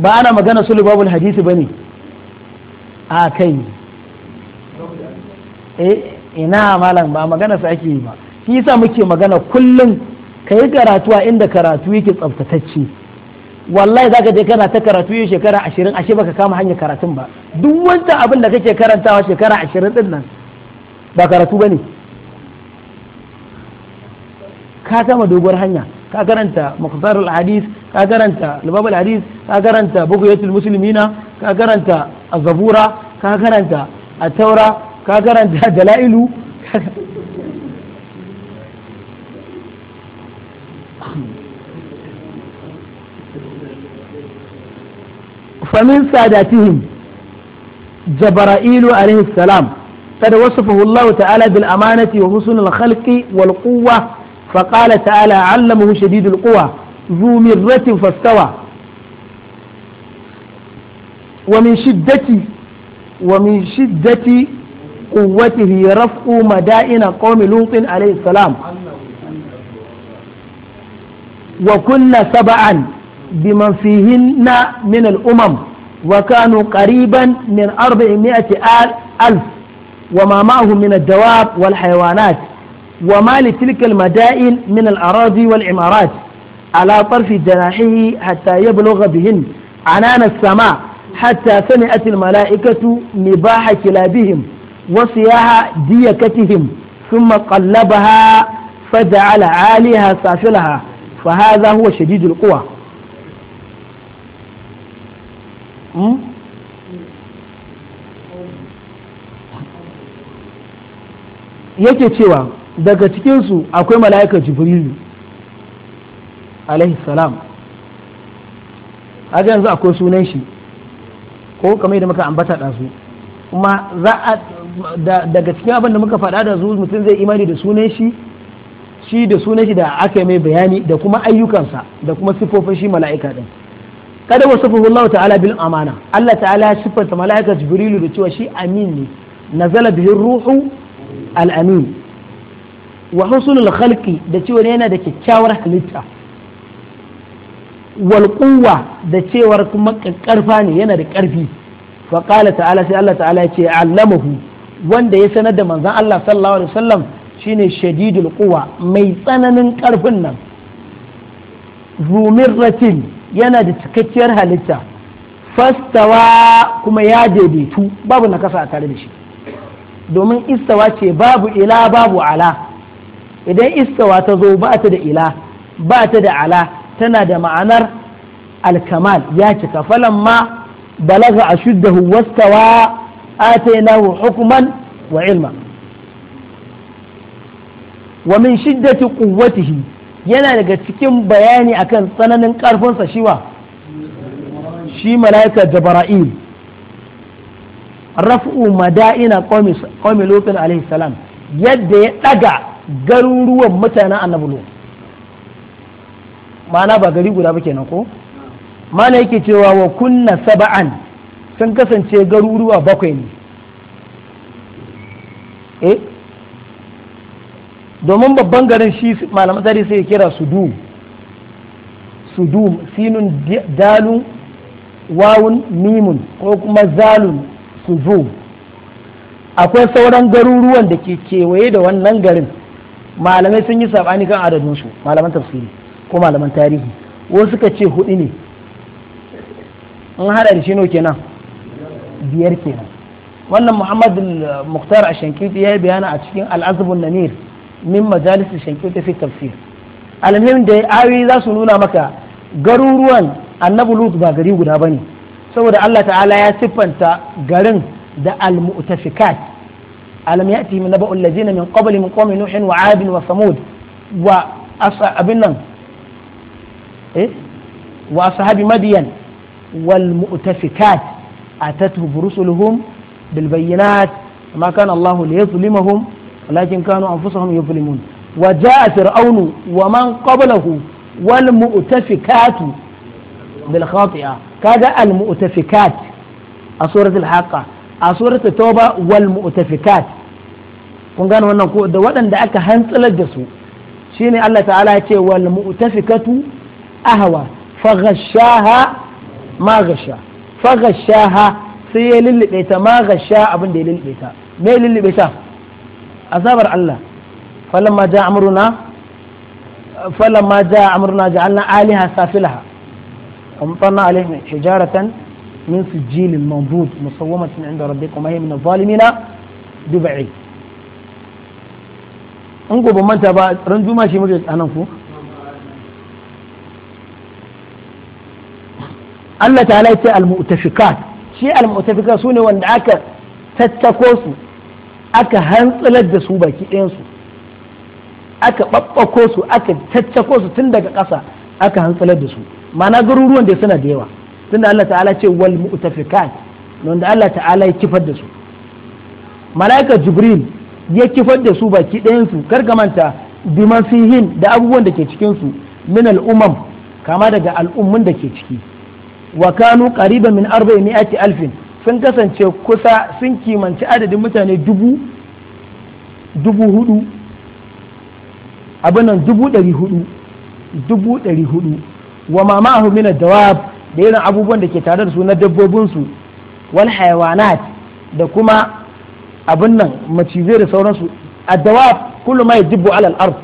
ba ana magana sulubabul hadisi bane a kai eh ina malam ba magana sa ake yi ba shi yasa muke magana kullum ka yi karatu inda karatu yake tsaftatacce wallahi zaka je kana ta karatu yi shekara ashirin ashe baka kama hanyar karatun ba duk wancan abin da kake karantawa shekara ashirin din nan ba karatu ba ne ka kama doguwar hanya ka karanta mukhtarul hadis ka karanta libabul hadis ka karanta bughyatul muslimina ka karanta a zabura ka karanta a taura ka karanta dala'ilu famin sadatihim jabra'ilu alaihi salam قد وصفه الله تعالى بالأمانة وحسن الخلق والقوة فقال تعالى علمه شديد القوى ذو مرة فاستوى ومن شدة ومن شدة قوته رفع مدائن قوم لوط عليه السلام وكنا سبعا بمن فيهن من الأمم وكانوا قريبا من أربعمائة ألف وما معهم من الدواب والحيوانات وما لتلك المدائن من الأراضي والعمارات على طرف جناحه حتى يبلغ بهن عنان السماء hatta sami'atil mala'ikatu nibaha kilabihim wa siyaha diyakatihim ثم قلبها فجعل عاليها سافلها فهذا هو شديد القوى yake cewa daga cikinsu akwai mala'ika jibrilu alaihi salam yanzu akwai sunan shi ko kamar da muka ambata da su kuma za a daga cikin abin da muka faɗa da su mutum zai imani da sunan shi shi da sunan shi da aka mai bayani da kuma ayyukansa da kuma siffofin shi mala'ika din kada wa Allah ta'ala bil amana Allah ta'ala ya siffanta mala'ika jibrilu da cewa shi amin ne nazala bihi ruhu al amin wa husnul khalqi da cewa yana da kyakkyawar halitta walƙuwa da cewar kuma ƙarfa ne yana da ƙarfi wa ta'ala sai Allah ta'ala ya ce allamahu wanda ya sanar da manzon Allah sallallahu alaihi wasallam shine shadidul quwa mai tsananin ƙarfin nan zumirratin yana da cikakkiyar halitta fastawa kuma ya daidaitu babu nakasa a tare da shi domin istawa ce babu ila babu ala idan istawa ta zo ba ta da ila ba ta da ala tana da ma'anar alkamal ya cika ma balaga ashuddahu wastawa atainahu hukman wa ilma wa min shiddati quwwatihi yana daga cikin bayani akan tsananin karfinsa shiwa shi mala'ika jabra'il raf'u mada'ina qawmi lutin alaihi salam yadda ya daga garuruwan mutanen annabi mana ba gari guda ba kenan ko mana yake cewa wa kunna saba'an sun kasance garuruwa bakwai ne eh domin babban garin shi malaman tarihi sai kira sudu sudum sinun dalun wawun mimun ko kuma zalun suzu akwai sauran garuruwan da ke kewaye da wannan garin malamai sun yi sabani kan adadinsu malaman tafsiri ko malaman tarihi wasu suka ce hudu ne an hada da shi kenan biyar kenan wannan muhammad muktar a shankiti ya yi bayana a cikin al'azabun namir min majalis shankiti fi tafsir alhamdulillah da ayoyi za su nuna maka garuruwan annabi lut ba gari guda ba ne saboda allah ta'ala ya siffanta garin da al-mu'tafikat alam ya'ti min naba'ul ladina min qablihim qawmi nuhin wa 'adin wa samud wa abin nan وأصحاب مدين والمؤتفكات أتتهم رسلهم بالبينات ما كان الله ليظلمهم ولكن كانوا أنفسهم يظلمون وجاء فرعون ومن قبله والمؤتفكات بالخاطئة كذا المؤتفكات سورة الحاقة سورة التوبة والمؤتفكات kun gane wannan ko da waɗanda aka hantsalar da su shine Allah ta'ala ya ce wal mu'tafikatu ahawa faghashaha ma sai ya lullube ta ma gasha abin da ya lullube ta me ya lullube ta azabar Allah falamma ja amruna falamma ja amruna ja'alna aliha safilaha amtanna alaihim hijaratan min sijilin manbud musawwamatin inda rabbikum ayyam min adh-dhalimina dubai gobe manta ba ran juma shi muke tsanan ku Allah ta'ala ce al mutafiqat shi al-mu'tafika sune wanda aka tattako su aka hantsalar da su baki ɗayansu aka babbako su aka tattako su tun daga ƙasa aka hantsalar da su ma'ana garuruwan da suna da yawa tunda Allah ta'ala ce wal mu'tafiqat wanda Allah ta'ala ya kifar da su mala'ika jibril ya kifar da su baki ɗayansu kar ka manta biman da abubuwan da ke cikin su min umam kama daga al'ummin da ke ciki wa kanu qariban min alfin sun kasance kusa sun kimanci adadin mutane dubu dubu hudu abinan dubu dari hudu dubu dari hudu wa mama min mina dawab da irin abubuwan da ke tare da su na dabbobinsu wal hayawanat da kuma abin nan macizai da sauransu a dawab kullu ma ala alal ard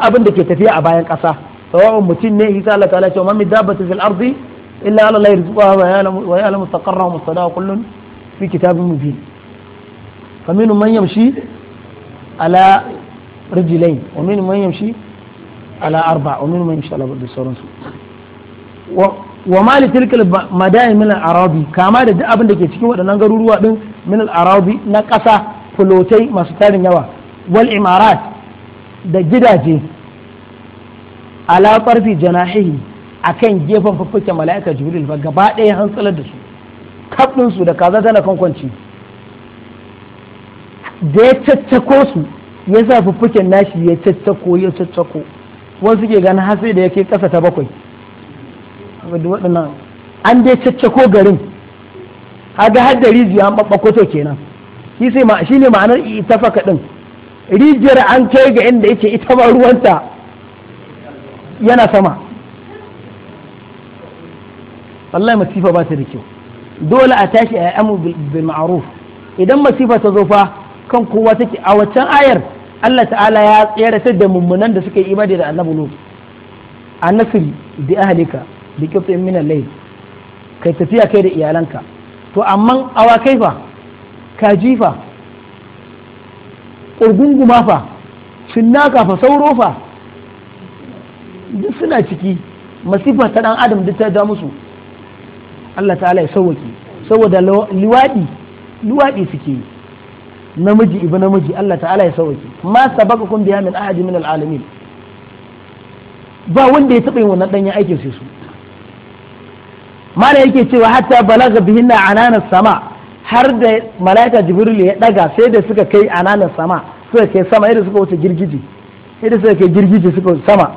abinda ke tafiya a bayan kasa sawa'un mutum ne isa Allah ta'ala ce wa dabbatu fil ardi illa ala la yarzuqa wa ya'lamu mustaqarra wa mustadawa kullun fi kitabin mubin faminhum man yamshi ala rijlain wa minhum man yamshi ala arba' wa minhum man yamshi ala da sauransu wa ma li tilkal madain min al-arabi kama da duk abin da ke cikin waɗannan garuruwa din min arabi na ƙasa fulotai masu tarin yawa wal imarat da gidaje ala farfi janahihi a kan gefen fuffuke mala'ika jibril ba gaba ɗaya hantsalar da su kaɗin su da kaza tana kan da ya caccako su ya sa fuffuken nashi ya caccako ya caccako wasu ke ganin hatsi da ya kai ƙasa ta bakwai an dai caccako garin haga har da rijiya an ɓaɓɓakoto kenan shi ne ma'anar itafaka ɗin rijiyar an kai ga inda yake ita ma ruwanta yana sama wallahi masifa ba ta da kyau dole a tashi a yi bil ma'ruf idan masifa ta zo fa kan kowa take a waccan ayar Allah ta'ala ya ta da mummunan da suka yi ibada da annabi lut a nasiri bi ahlika bi qit'in min al-layl kai tafiya kai da iyalanka to amma awakai fa kaji fa ƙurgunguma fa shinnaka fa sauro fa duk suna ciki masifa ta dan adam duk ta da musu Allah ta'ala ya sauwaki saboda liwaɗi liwaɗi suke yi namiji ibi namiji Allah ta'ala ya sauwaki ma sabaka kun biya min ahadi min alalamin ba wanda ya taɓa yin wannan ɗanyen aikin sai su mala yake cewa hatta balaga bihinna ananas sama har da malaika jibril ya daga sai da suka kai ananas sama suka kai sama yadda suka wuce girgiji yadda suka kai girgiji suka sama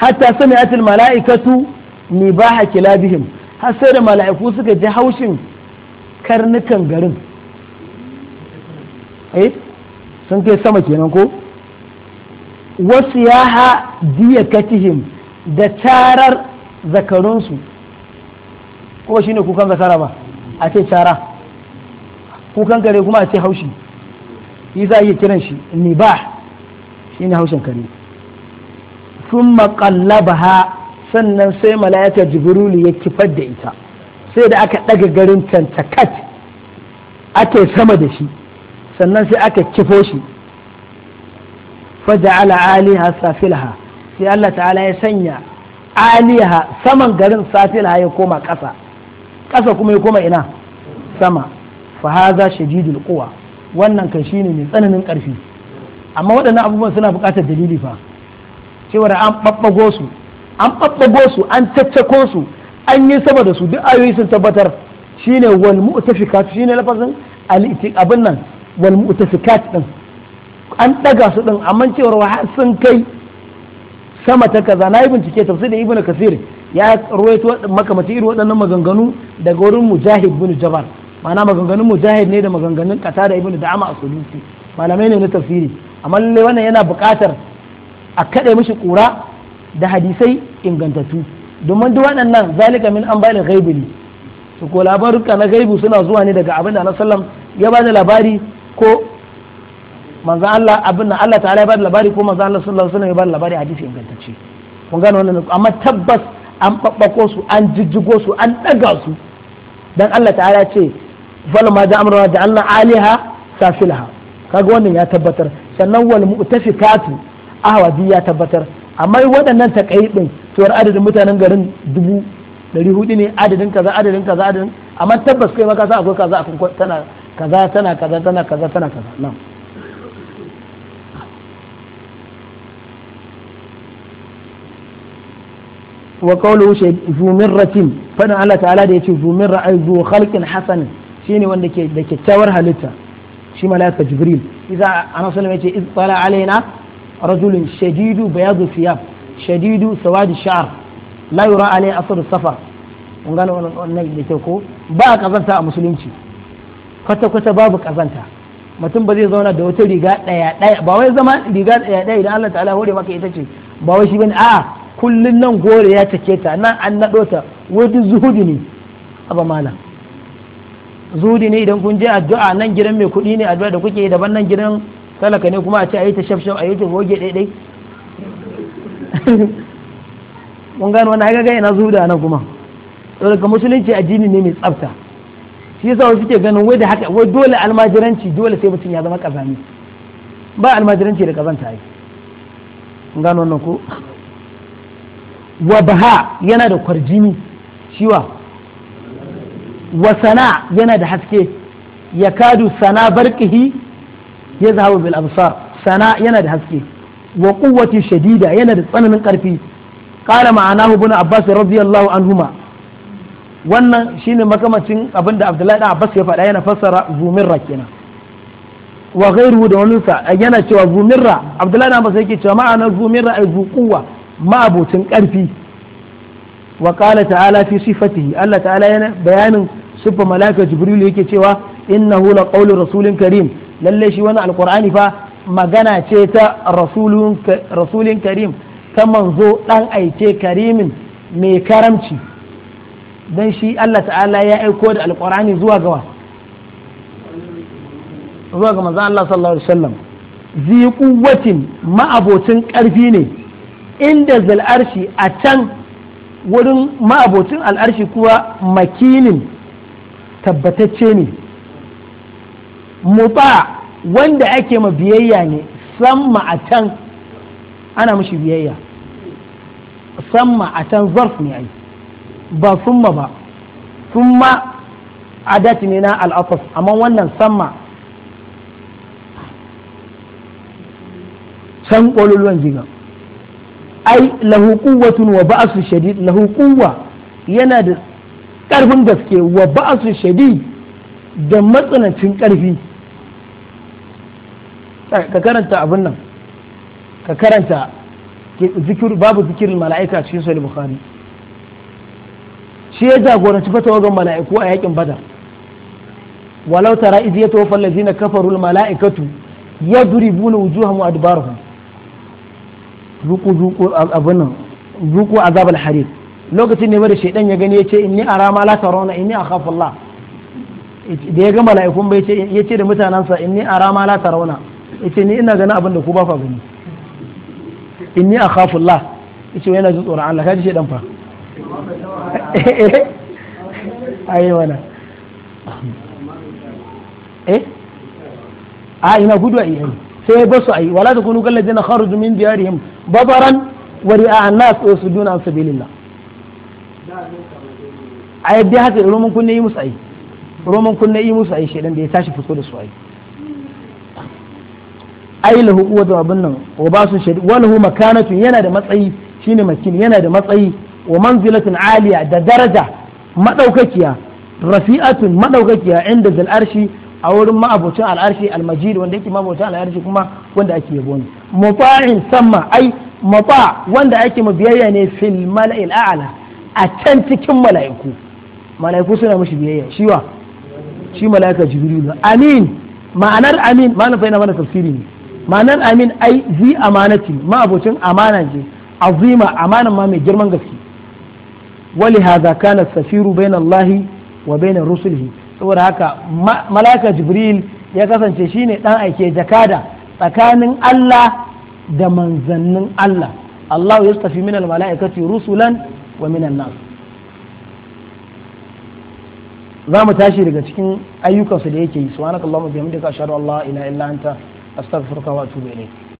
hatta sami'atul malaikatu nibaha kilabihim har sai da mala'iku suka ji haushin karnukan garin eh sun kai sama kenan ko wasu ya yaha katihim da tarar zakarunsu shi ne kukan zakara ba a ce tara kukan gare kuma a ce haushi yi za a iya kiran shi ba shi ne haushin kare sun maƙallaba sannan sai malayatar jibrilu ya kifar da ita sai da aka ɗaga garin tantakat ake sama da shi sannan sai aka kifo shi ala aliha safilha sai Allah ta'ala ya sanya aliha saman garin safilha ya koma ƙasa ƙasa kuma ya koma ina sama fahaza shadidul quwa wannan kan ne mai tsananin ƙarfi amma waɗannan abubuwan suna buƙatar dalili fa cewar an babbago su an ɓaɓɓago su an caccako su an yi sama da su duk ayoyi sun tabbatar shine wal mu'tafikat shine lafazin al-itiq abin nan wal mu'tafikat din an daga su din amma cewar wa sun kai sama ta kaza na yi bincike da ibnu kasir ya ruwaito makamacin irin waɗannan maganganu daga wurin mujahid bin jabal ma'ana maganganun mujahid ne da maganganun kata da ibnu da'ama a sulusi malamai ne na tafsiri amma lallai wannan yana buƙatar a kaɗe mishi ƙura da hadisai ingantattu domin duk waɗannan zalika min an bayar ghaibi ne su ko labaruka na gaibu suna zuwa ne daga abin da na sallam ya ba da labari ko manzan Allah abin da Allah ta'ala ya ba da labari ko manzan Allah sallallahu alaihi wasallam ya ba da labari hadisi ingantacce kun gane wannan amma tabbas an babbako su an jijjigo su an daga su dan Allah ta'ala ya ce ma da amruna da Allah aliha safilaha kaga wannan ya tabbatar sannan wal mu'tafikatu ahwadi ya tabbatar amma waɗannan takayi ɗin tuwar adadin mutanen garin dubu ɗari hudu ne adadin kaza adadin kaza adadin amma tabbas kai ma sa akwai kaza akwai tana kaza tana kaza tana kaza tana kaza na'am wa qawluhu shay zu Allah ta'ala da yace zumin mirra ay zu khalqin hasan shine wanda ke da kyakkyawar halitta shi malaika jibril idza ana sallama yace iz tsala alaina رجل Shadidu بياض Shadidu Sawadi سواد الشعر لا يرى عليه أثر السفر mun gane da kyau ko a kazanta a musulunci kwata-kwata babu kazanta mutum ba zai zauna da wata riga ɗaya ɗaya ba wai zama riga ɗaya ɗaya idan Allah ta'ala hore maka ita ce ba wai shi bane a'a kullun nan gore ya take ta nan an naɗo ta wani zuhudi ne aba malam zuhudi ne idan kun je addu'a nan gidan mai kuɗi ne addu'a da kuke daban nan gidan talaka ne kuma a ce a yi ta shafshaf a yi ta goge daidai mun gano wani haka ga na zuwa da nan kuma ka musulunci addini ne mai tsafta shi yasa wasu ke ganin wai da haka wai dole almajiranci dole sai mutum ya zama kazami ba almajiranci da kazanta ai mun gano wannan ko wa baha yana da kwarjini shiwa wa sana yana da haske ya kadu sana barkihi yazhabu bil absar sana yana da haske wa quwwati shadida yana da tsananin karfi qala ma'anahu ibn abbas radiyallahu anhuma wannan shine makamacin abinda abdullahi dan abbas ya faɗa yana fassara zumirra kenan wa ghairuhu da wani sa yana cewa zumirra abdullahi dan abbas yake cewa ma'ana zumirra ay zuquwa ma'abucin karfi wa qala ta'ala fi sifatihi Allah ta'ala yana bayanin siffa malaika jibril yake cewa hula laqawlu rasulin karim lalle shi wani alkur'ani fa magana ce ta rasulun karim ta manzo dan aike karimin mai karamci don shi Allah ta'ala ya aiko da alkur'ani zuwa gawa zuwa ga manzo Allah sallallahu alaihi wasallam zi kuwatin ma'abocin karfi ne inda arshi a can wurin ma'abocin al'arshi kuwa makinin tabbatacce ne muta wanda ake ma biyayya ne samma a can ana mashi biyayya samma a can zarf ne ai ba summa ba summa adat ne na al'afas amma wannan samma can ƙololuwan jiga ai lahu quwwatun wa su shadid lahu kuwa yana da ƙarfin gaske wa su shadid da matsanancin ƙarfi ka karanta abin nan ka karanta babu zikirin mala'ika a cikin sahih bukhari shi ya jagoranci fatawagan mala'iku a yakin badar walau tara iz yatawaffa allazina kafaru al mala'ikatu yadribuna wujuhahum wa adbarahum zuku zuku abin nan zuku azab al harir lokacin ne da shaidan ya gani yace inni ara ma la tarawna inni akhafu Allah da ya ga mala'ikun bai ce yace da mutanansa inni ara la tarawna yace ni ina ganin abin da ku ba fa gani inni akhafullah yace wai yana jin tsoron Allah kaji shedan fa ai wana eh a ina gudu a yi sai ya basu ayi wala takunu kal ladina kharaju min diyarihim babaran wa ri'a an-nas wa yasudduna an sabilillah ai dai haka roman kunne yi musu ayi roman kunne yi musu ayi shedan da ya tashi fito da su ayi ai lahu quwwatu abin nan wa basu shari wa lahu makanatun yana da matsayi shine makin yana da matsayi wa manzilatun aliya da daraja madaukakiya rafi'atun madaukakiya inda zal arshi a wurin ma'abocin al'arshi almajid wanda yake ma'abocin al'arshi kuma wanda ake yabo ne mufa'in sama ai mafa wanda ake biyayya ne fil mala'il a'la a can cikin mala'iku mala'iku suna mishi biyayya shi wa shi mala'ika jibril amin ma'anar amin malam fa yana mana tafsiri ne ma'anar amin ai zi amanati ma abocin amana ce azima amanan ma mai girman gaske wali hadha kana safiru bain Allah wa bain rusulhi saboda haka malaka jibril ya kasance shine dan aike jakada tsakanin Allah da manzannin Allah Allah ya tafi min mala'ikati rusulan wa min nas za mu tashi daga cikin ayyukansu da yake yi subhanakallahumma bihamdika ashhadu an la ilaha illa anta astaghfiruka wa atubu ne.